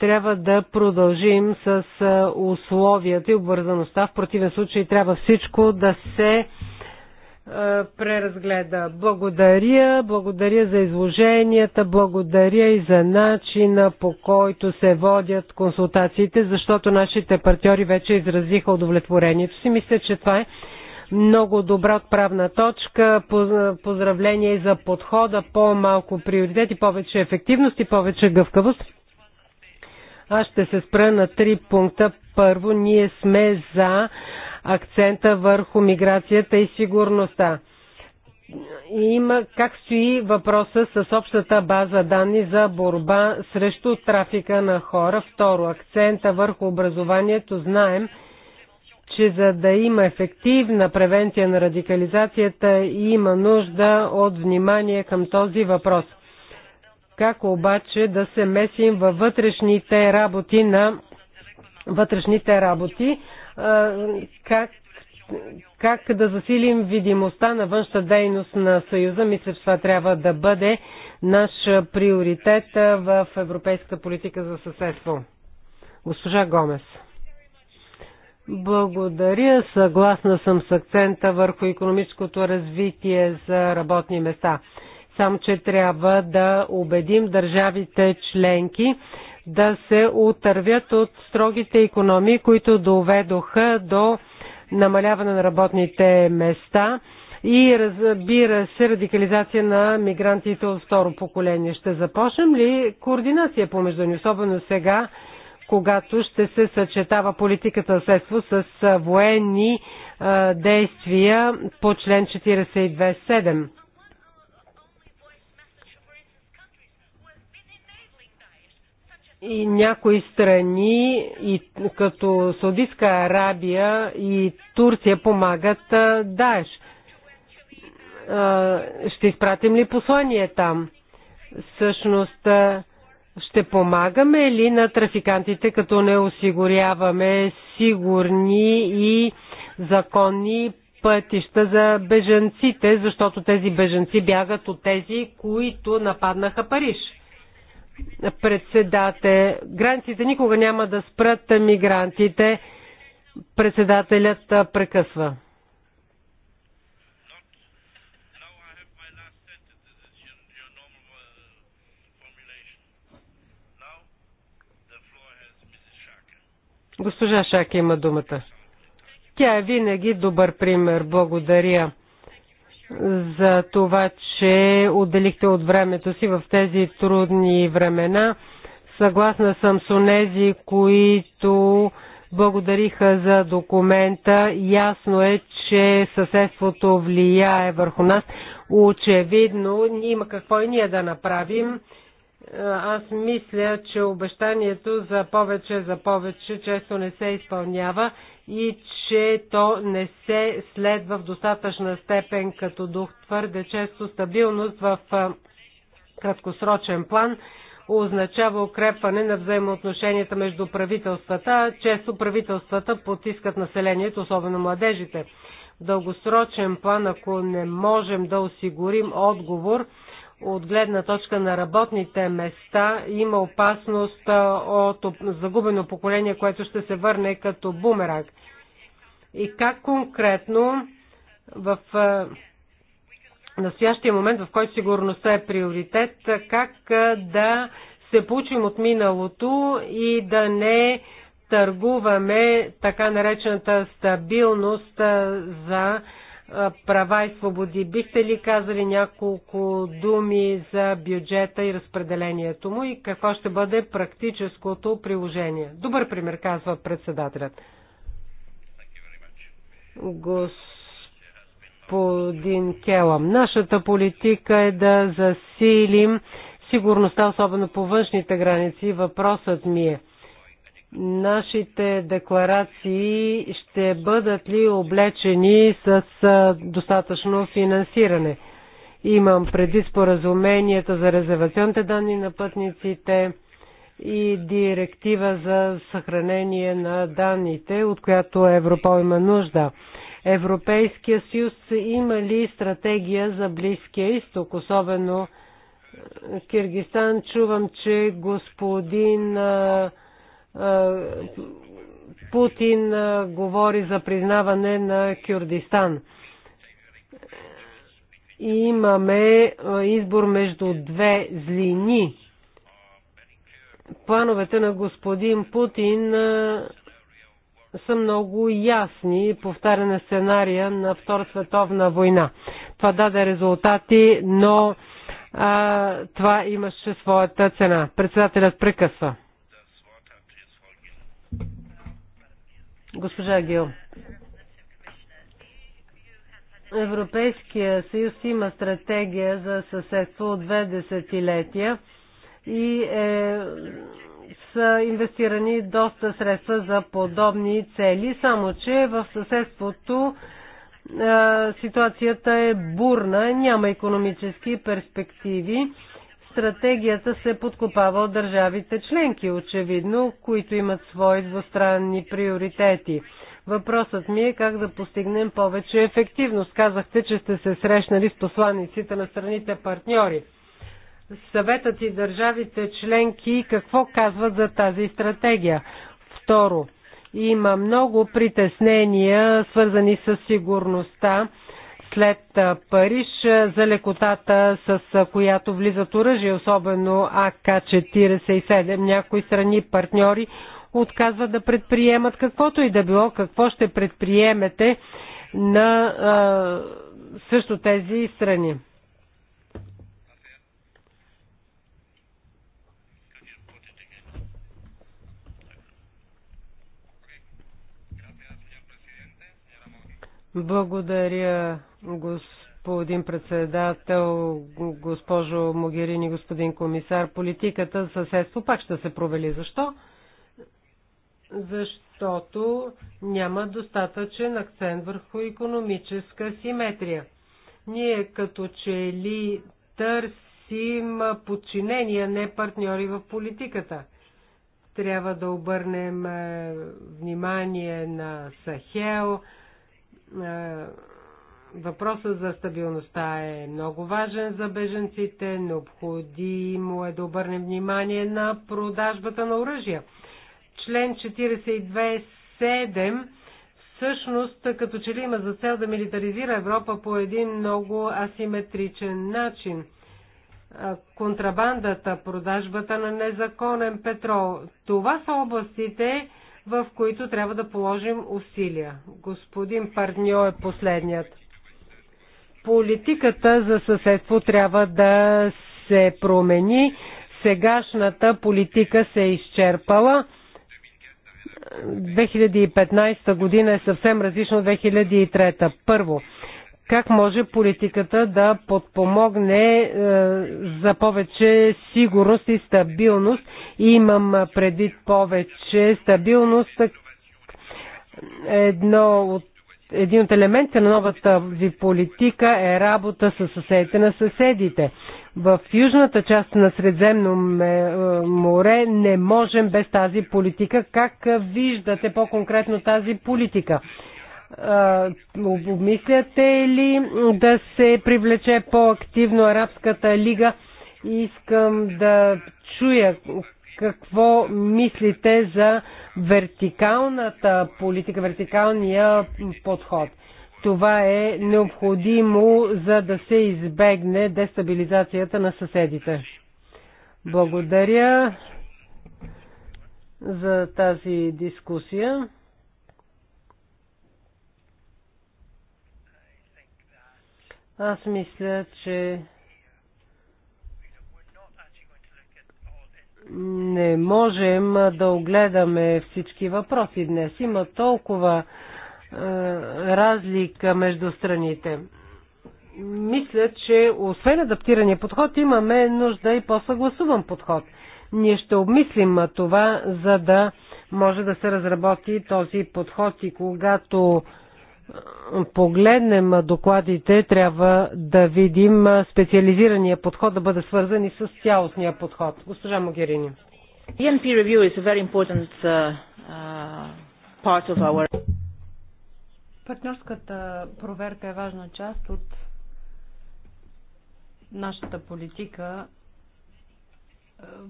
Трябва да продължим с условията и обвързаността. В противен случай трябва всичко да се преразгледа. Благодаря, благодаря за изложенията, благодаря и за начина по който се водят консултациите, защото нашите партньори вече изразиха удовлетворението си. Мисля, че това е много добра отправна точка. Поздравление и за подхода по-малко приоритети, повече ефективност и повече гъвкавост. Аз ще се спра на три пункта. Първо, ние сме за акцента върху миграцията и сигурността. Има как стои въпроса с общата база данни за борба срещу трафика на хора. Второ, акцента върху образованието. Знаем, че за да има ефективна превенция на радикализацията, има нужда от внимание към този въпрос. Как обаче да се месим във вътрешните работи на вътрешните работи, как, как да засилим видимостта на външната дейност на Съюза. Мисля, че това трябва да бъде наш приоритет в Европейска политика за съседство. Госпожа Гомес. Благодаря. Съгласна съм с акцента върху економическото развитие за работни места. Само, че трябва да убедим държавите членки да се отървят от строгите економии, които доведоха до намаляване на работните места и разбира се радикализация на мигрантите от второ поколение. Ще започнем ли координация помежду ни, особено сега, когато ще се съчетава политиката на следство с военни действия по член 42.7. И някои страни, и, като Саудитска Арабия и Турция, помагат Даеш. Ще изпратим ли послание там? Всъщност, ще помагаме ли на трафикантите, като не осигуряваме сигурни и законни пътища за беженците, защото тези беженци бягат от тези, които нападнаха Париж? Председател, границите никога няма да спрат мигрантите. Председателят прекъсва. Госпожа Шак има думата. Тя е винаги добър пример. Благодаря за това, че отделихте от времето си в тези трудни времена. Съгласна съм с онези, които благодариха за документа. Ясно е, че съседството влияе върху нас. Очевидно, има какво и ние да направим аз мисля, че обещанието за повече за повече често не се изпълнява и че то не се следва в достатъчна степен като дух. Твърде често стабилност в краткосрочен план означава укрепване на взаимоотношенията между правителствата. Често правителствата потискат населението, особено младежите. В дългосрочен план, ако не можем да осигурим отговор, от гледна точка на работните места има опасност от загубено поколение, което ще се върне като бумерак. И как конкретно в настоящия момент, в който сигурността е приоритет, как да се получим от миналото и да не търгуваме така наречената стабилност за права и свободи. Бихте ли казали няколко думи за бюджета и разпределението му и какво ще бъде практическото приложение? Добър пример, казва председателят. Господин Келам, нашата политика е да засилим сигурността, особено по външните граници. Въпросът ми е – нашите декларации ще бъдат ли облечени с достатъчно финансиране. Имам преди споразуменията за резервационните данни на пътниците и директива за съхранение на данните, от която Европол има нужда. Европейския съюз има ли стратегия за Близкия изток, особено Киргистан? Чувам, че господин е, Путин е, говори за признаване на Кюрдистан. Имаме е, избор между две злини. Плановете на господин Путин са много ясни повтаря на сценария на Втора световна война. Това даде резултати, но а, това имаше своята цена. Председателят прекъсва. Госпожа Гил. Европейския съюз има стратегия за съседство от две десетилетия и е, са инвестирани доста средства за подобни цели, само че в съседството е, ситуацията е бурна, няма економически перспективи стратегията се подкопава от държавите членки, очевидно, които имат свои двустранни приоритети. Въпросът ми е как да постигнем повече ефективност. Казахте, че сте се срещнали с посланиците на страните партньори. Съветът и държавите членки какво казват за тази стратегия? Второ, има много притеснения, свързани с сигурността след Париж за лекотата, с която влизат оръжие, особено АК-47. Някои страни партньори отказват да предприемат каквото и да било. Какво ще предприемете на а, също тези страни? Благодаря, господин председател, госпожо Могерини, господин комисар. Политиката за съседство пак ще се провели. Защо? Защото няма достатъчен акцент върху економическа симетрия. Ние като че ли търсим подчинения, не партньори в политиката трябва да обърнем е, внимание на Сахел, е, Въпросът за стабилността е много важен за беженците. Необходимо е да обърнем внимание на продажбата на оръжия. Член 42.7 всъщност като че ли има за цел да милитаризира Европа по един много асиметричен начин. Контрабандата, продажбата на незаконен петрол, това са областите, в които трябва да положим усилия. Господин Парньо е последният. Политиката за съседство трябва да се промени. Сегашната политика се е изчерпала. 2015 година е съвсем различно от 2003. Първо, как може политиката да подпомогне е, за повече сигурност и стабилност? И имам предвид повече стабилност. Едно от един от елементите на новата ви политика е работа с съседите на съседите. В южната част на Средземно е, море не можем без тази политика. Как виждате по-конкретно тази политика? Е, обмисляте ли да се привлече по-активно Арабската лига? Искам да чуя какво мислите за вертикалната политика, вертикалния подход. Това е необходимо, за да се избегне дестабилизацията на съседите. Благодаря за тази дискусия. Аз мисля, че не можем да огледаме всички въпроси днес. Има толкова е, разлика между страните. Мисля, че освен адаптирания подход, имаме нужда и по-съгласуван подход. Ние ще обмислим това, за да може да се разработи този подход и когато погледнем докладите, трябва да видим специализирания подход да бъде свързан и с цялостния подход. Госпожа Могерини. ENP review is a very important uh, uh, part of our...
Партньорската проверка е важна част от нашата политика,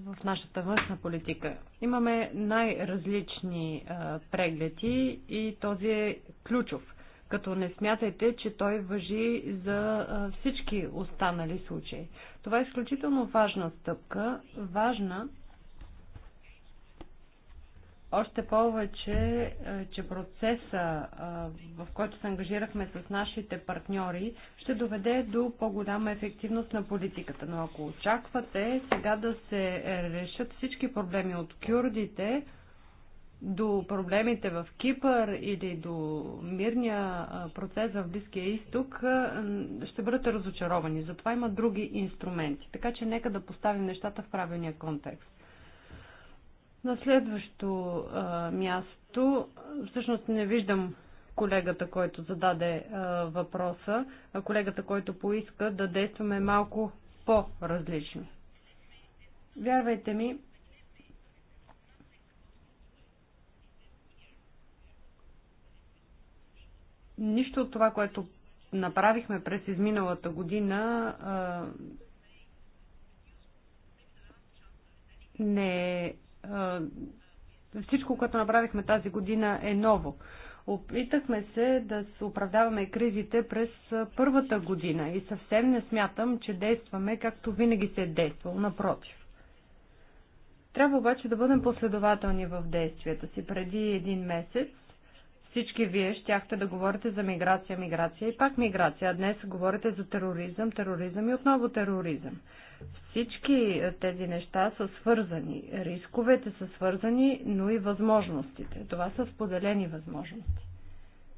в нашата външна политика. Имаме най-различни прегледи и този е ключов като не смятайте, че той въжи за всички останали случаи. Това е изключително важна стъпка, важна още повече, че процеса, в който се ангажирахме с нашите партньори, ще доведе до по-голяма ефективност на политиката. Но ако очаквате сега да се решат всички проблеми от кюрдите, до проблемите в Кипър или до мирния процес в Близкия изток, ще бъдете разочаровани. Затова има други инструменти. Така че нека да поставим нещата в правилния контекст. На следващо място, всъщност не виждам колегата, който зададе въпроса, а колегата, който поиска да действаме малко по-различно. Вярвайте ми, нищо от това, което направихме през изминалата година, не е. Всичко, което направихме тази година е ново. Опитахме се да се управляваме кризите през първата година и съвсем не смятам, че действаме както винаги се е действал, напротив. Трябва обаче да бъдем последователни в действията си. Преди един месец всички вие щяхте да говорите за миграция, миграция и пак миграция. Днес говорите за тероризъм, тероризъм и отново тероризъм. Всички е, тези неща са свързани. Рисковете са свързани, но и възможностите. Това са споделени възможности.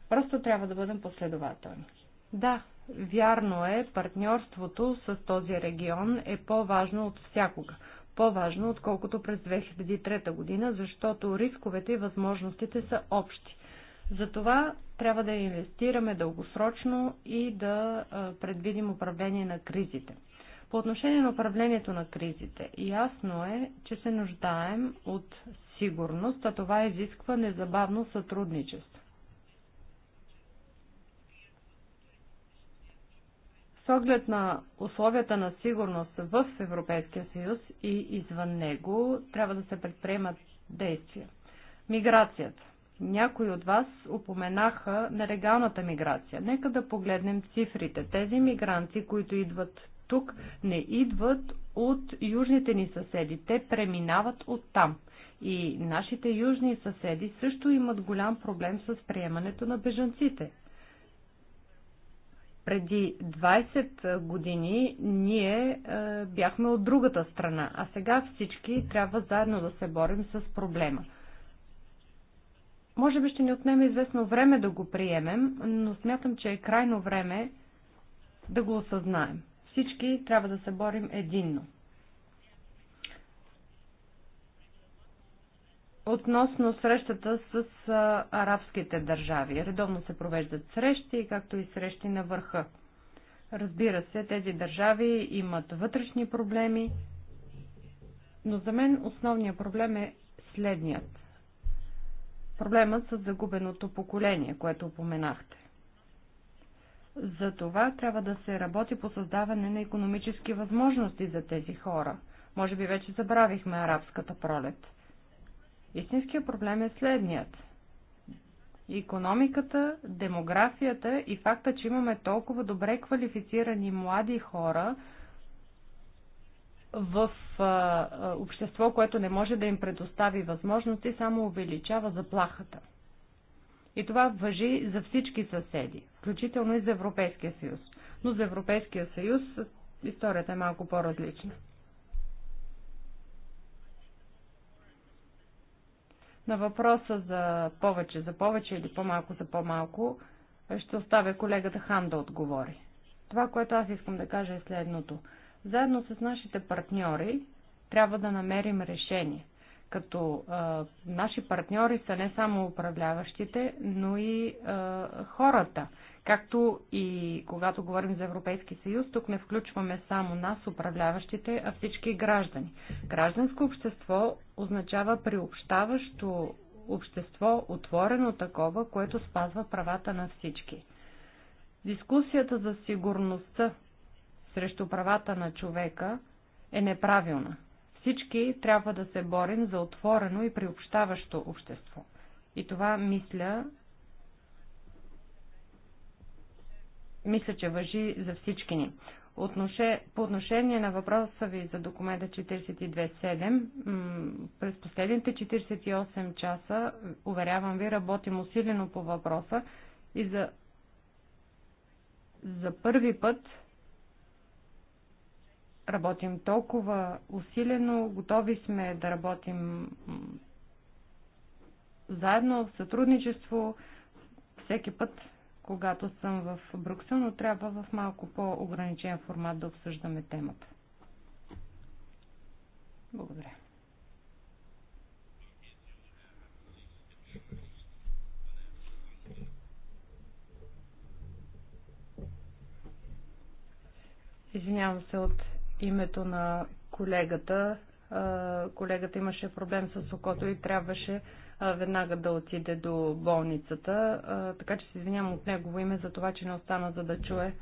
Просто трябва да бъдем последователни. Да, вярно е, партньорството с този регион е по-важно от всякога. По-важно, отколкото през 2003 година, защото рисковете и възможностите са общи. Затова трябва да инвестираме дългосрочно и да предвидим управление на кризите. По отношение на управлението на кризите, ясно е, че се нуждаем от сигурност, а това изисква незабавно сътрудничество. С оглед на условията на сигурност в Европейския съюз и извън него, трябва да се предприемат действия. Миграцията. Някои от вас упоменаха нелегалната миграция. Нека да погледнем цифрите. Тези мигранти, които идват тук, не идват от южните ни съседи. Те преминават от там. И нашите южни съседи също имат голям проблем с приемането на бежанците. Преди 20 години ние е, бяхме от другата страна, а сега всички трябва заедно да се борим с проблема – може би ще ни отнеме известно време да го приемем, но смятам, че е крайно време да го осъзнаем. Всички трябва да се борим единно. Относно срещата с арабските държави. Редовно се провеждат срещи, както и срещи на върха. Разбира се, тези държави имат вътрешни проблеми, но за мен основният проблем е следният – Проблемът с загубеното поколение, което упоменахте. За това трябва да се работи по създаване на економически възможности за тези хора. Може би вече забравихме арабската пролет. Истинският проблем е следният. Економиката, демографията и факта, че имаме толкова добре квалифицирани млади хора, в а, общество, което не може да им предостави възможности, само увеличава заплахата. И това въжи за всички съседи, включително и за Европейския съюз. Но за Европейския съюз историята е малко по-различна. На въпроса за повече за повече или по-малко за по-малко ще оставя колегата Хан да отговори. Това, което аз искам да кажа е следното – заедно с нашите партньори трябва да намерим решение. Като а, наши партньори са не само управляващите, но и а, хората. Както и когато говорим за Европейски съюз, тук не включваме само нас, управляващите, а всички граждани. Гражданско общество означава приобщаващо общество, отворено такова, което спазва правата на всички. Дискусията за сигурността срещу правата на човека е неправилна. Всички трябва да се борим за отворено и приобщаващо общество. И това мисля, мисля, че въжи за всички ни. Отноше, по отношение на въпроса ви за документа 42.7, през последните 48 часа, уверявам ви, работим усилено по въпроса и за, за първи път работим толкова усилено, готови сме да работим заедно в сътрудничество всеки път, когато съм в Брюксел, но трябва в малко по-ограничен формат да обсъждаме темата. Благодаря. Извинявам се от името на колегата. Колегата имаше проблем с окото и трябваше веднага да отиде до болницата. Така че се извинявам от негово име за това, че не остана за да чуе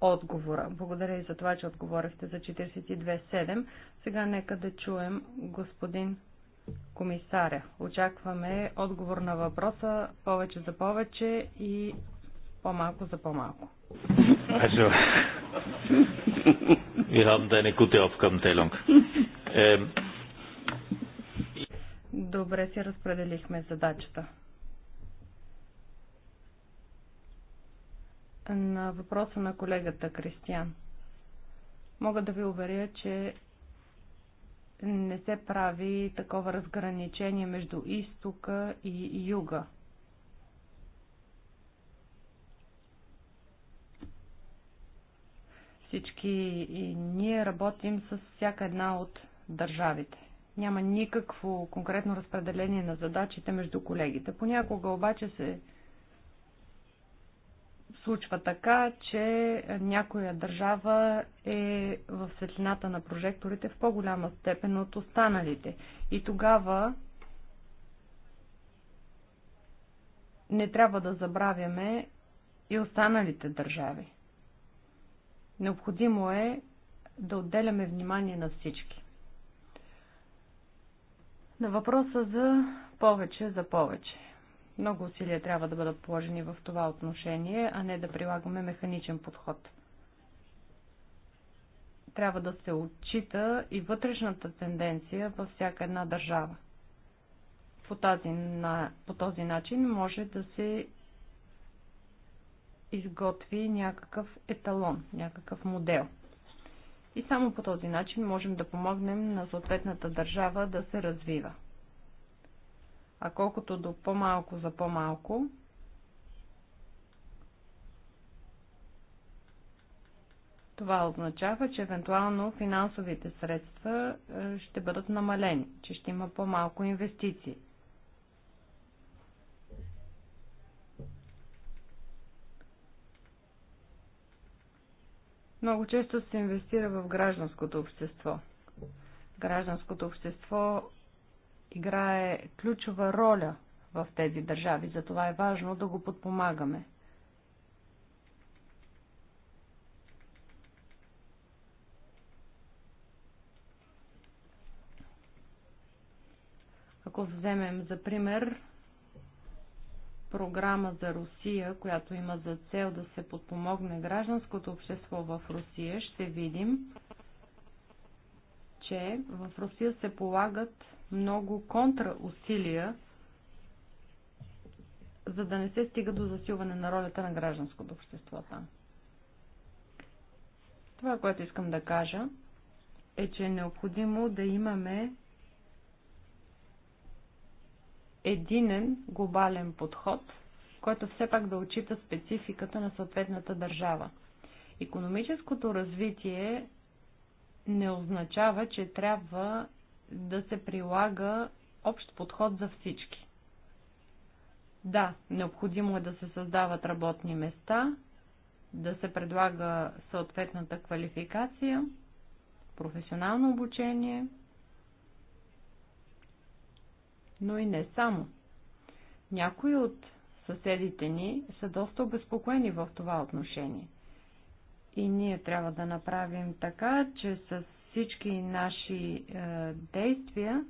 отговора. Благодаря и за това, че отговорихте за 42.7. Сега нека да чуем господин комисаря. Очакваме отговор на въпроса повече за повече и по-малко за по-малко.
Wir haben da eine gute
Aufgabenteilung. Ähm,
Добре си разпределихме задачата. На въпроса на колегата Кристиян. Мога да ви уверя, че не се прави такова разграничение между изтока и юга. Всички и ние работим с всяка една от държавите. Няма никакво конкретно разпределение на задачите между колегите. Понякога обаче се случва така, че някоя държава е в светлината на прожекторите в по-голяма степен от останалите. И тогава не трябва да забравяме и останалите държави. Необходимо е да отделяме внимание на всички. На въпроса за повече за повече. Много усилия трябва да бъдат положени в това отношение, а не да прилагаме механичен подход. Трябва да се отчита и вътрешната тенденция във всяка една държава. По, тази, по този начин може да се изготви някакъв еталон, някакъв модел. И само по този начин можем да помогнем на съответната държава да се развива. А колкото до по-малко за по-малко, Това означава, че евентуално финансовите средства е, ще бъдат намалени, че ще има по-малко инвестиции. Много често се инвестира в гражданското общество. Гражданското общество играе ключова роля в тези държави, затова е важно да го подпомагаме. Ако вземем за пример програма за Русия, която има за цел да се подпомогне гражданското общество в Русия, ще видим, че в Русия се полагат много контраусилия, за да не се стига до засилване на ролята на гражданското общество там. Това, което искам да кажа, е, че е необходимо да имаме единен глобален подход, който все пак да отчита спецификата на съответната държава. Економическото развитие не означава, че трябва да се прилага общ подход за всички. Да, необходимо е да се създават работни места, да се предлага съответната квалификация, професионално обучение – но и не само. Някои от съседите ни са доста обезпокоени в това отношение. И ние трябва да направим така, че с всички наши е, действия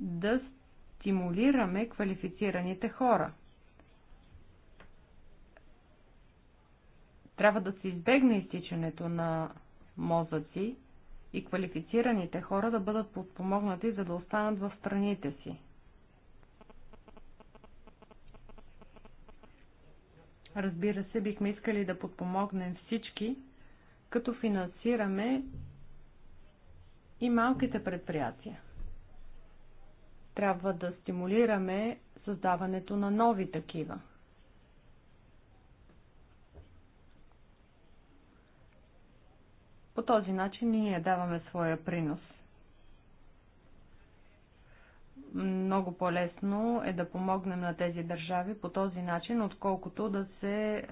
да стимулираме квалифицираните хора. Трябва да се избегне изтичането на мозъци и квалифицираните хора да бъдат подпомогнати, за да останат в страните си. Разбира се, бихме искали да подпомогнем всички, като финансираме и малките предприятия. Трябва да стимулираме създаването на нови такива. По този начин ние даваме своя принос. Много по-лесно е да помогнем на тези държави по този начин, отколкото да се е,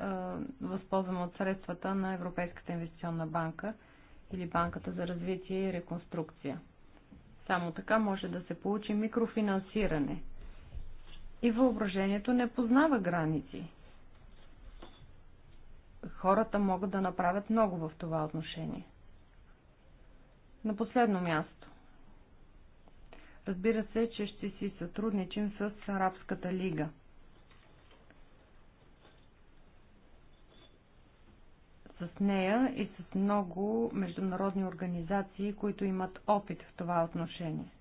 възползваме от средствата на Европейската инвестиционна банка или Банката за развитие и реконструкция. Само така може да се получи микрофинансиране. И въображението не познава граници хората могат да направят много в това отношение. На последно място. Разбира се, че ще си сътрудничим с Арабската лига. С нея и с много международни организации, които имат опит в това отношение.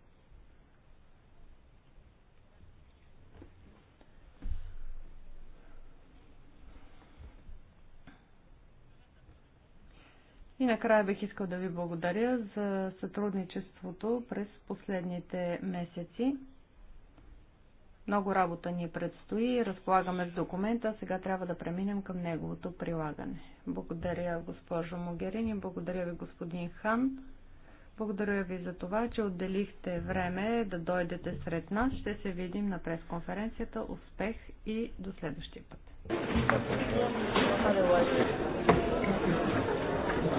И накрая бих искал да ви благодаря за сътрудничеството през последните месеци. Много работа ни предстои, разполагаме с документа, сега трябва да преминем към неговото прилагане. Благодаря, госпожо Могерини, благодаря ви, господин Хан. Благодаря ви за това, че отделихте време да дойдете сред нас. Ще се видим на пресконференцията. Успех и до следващия път.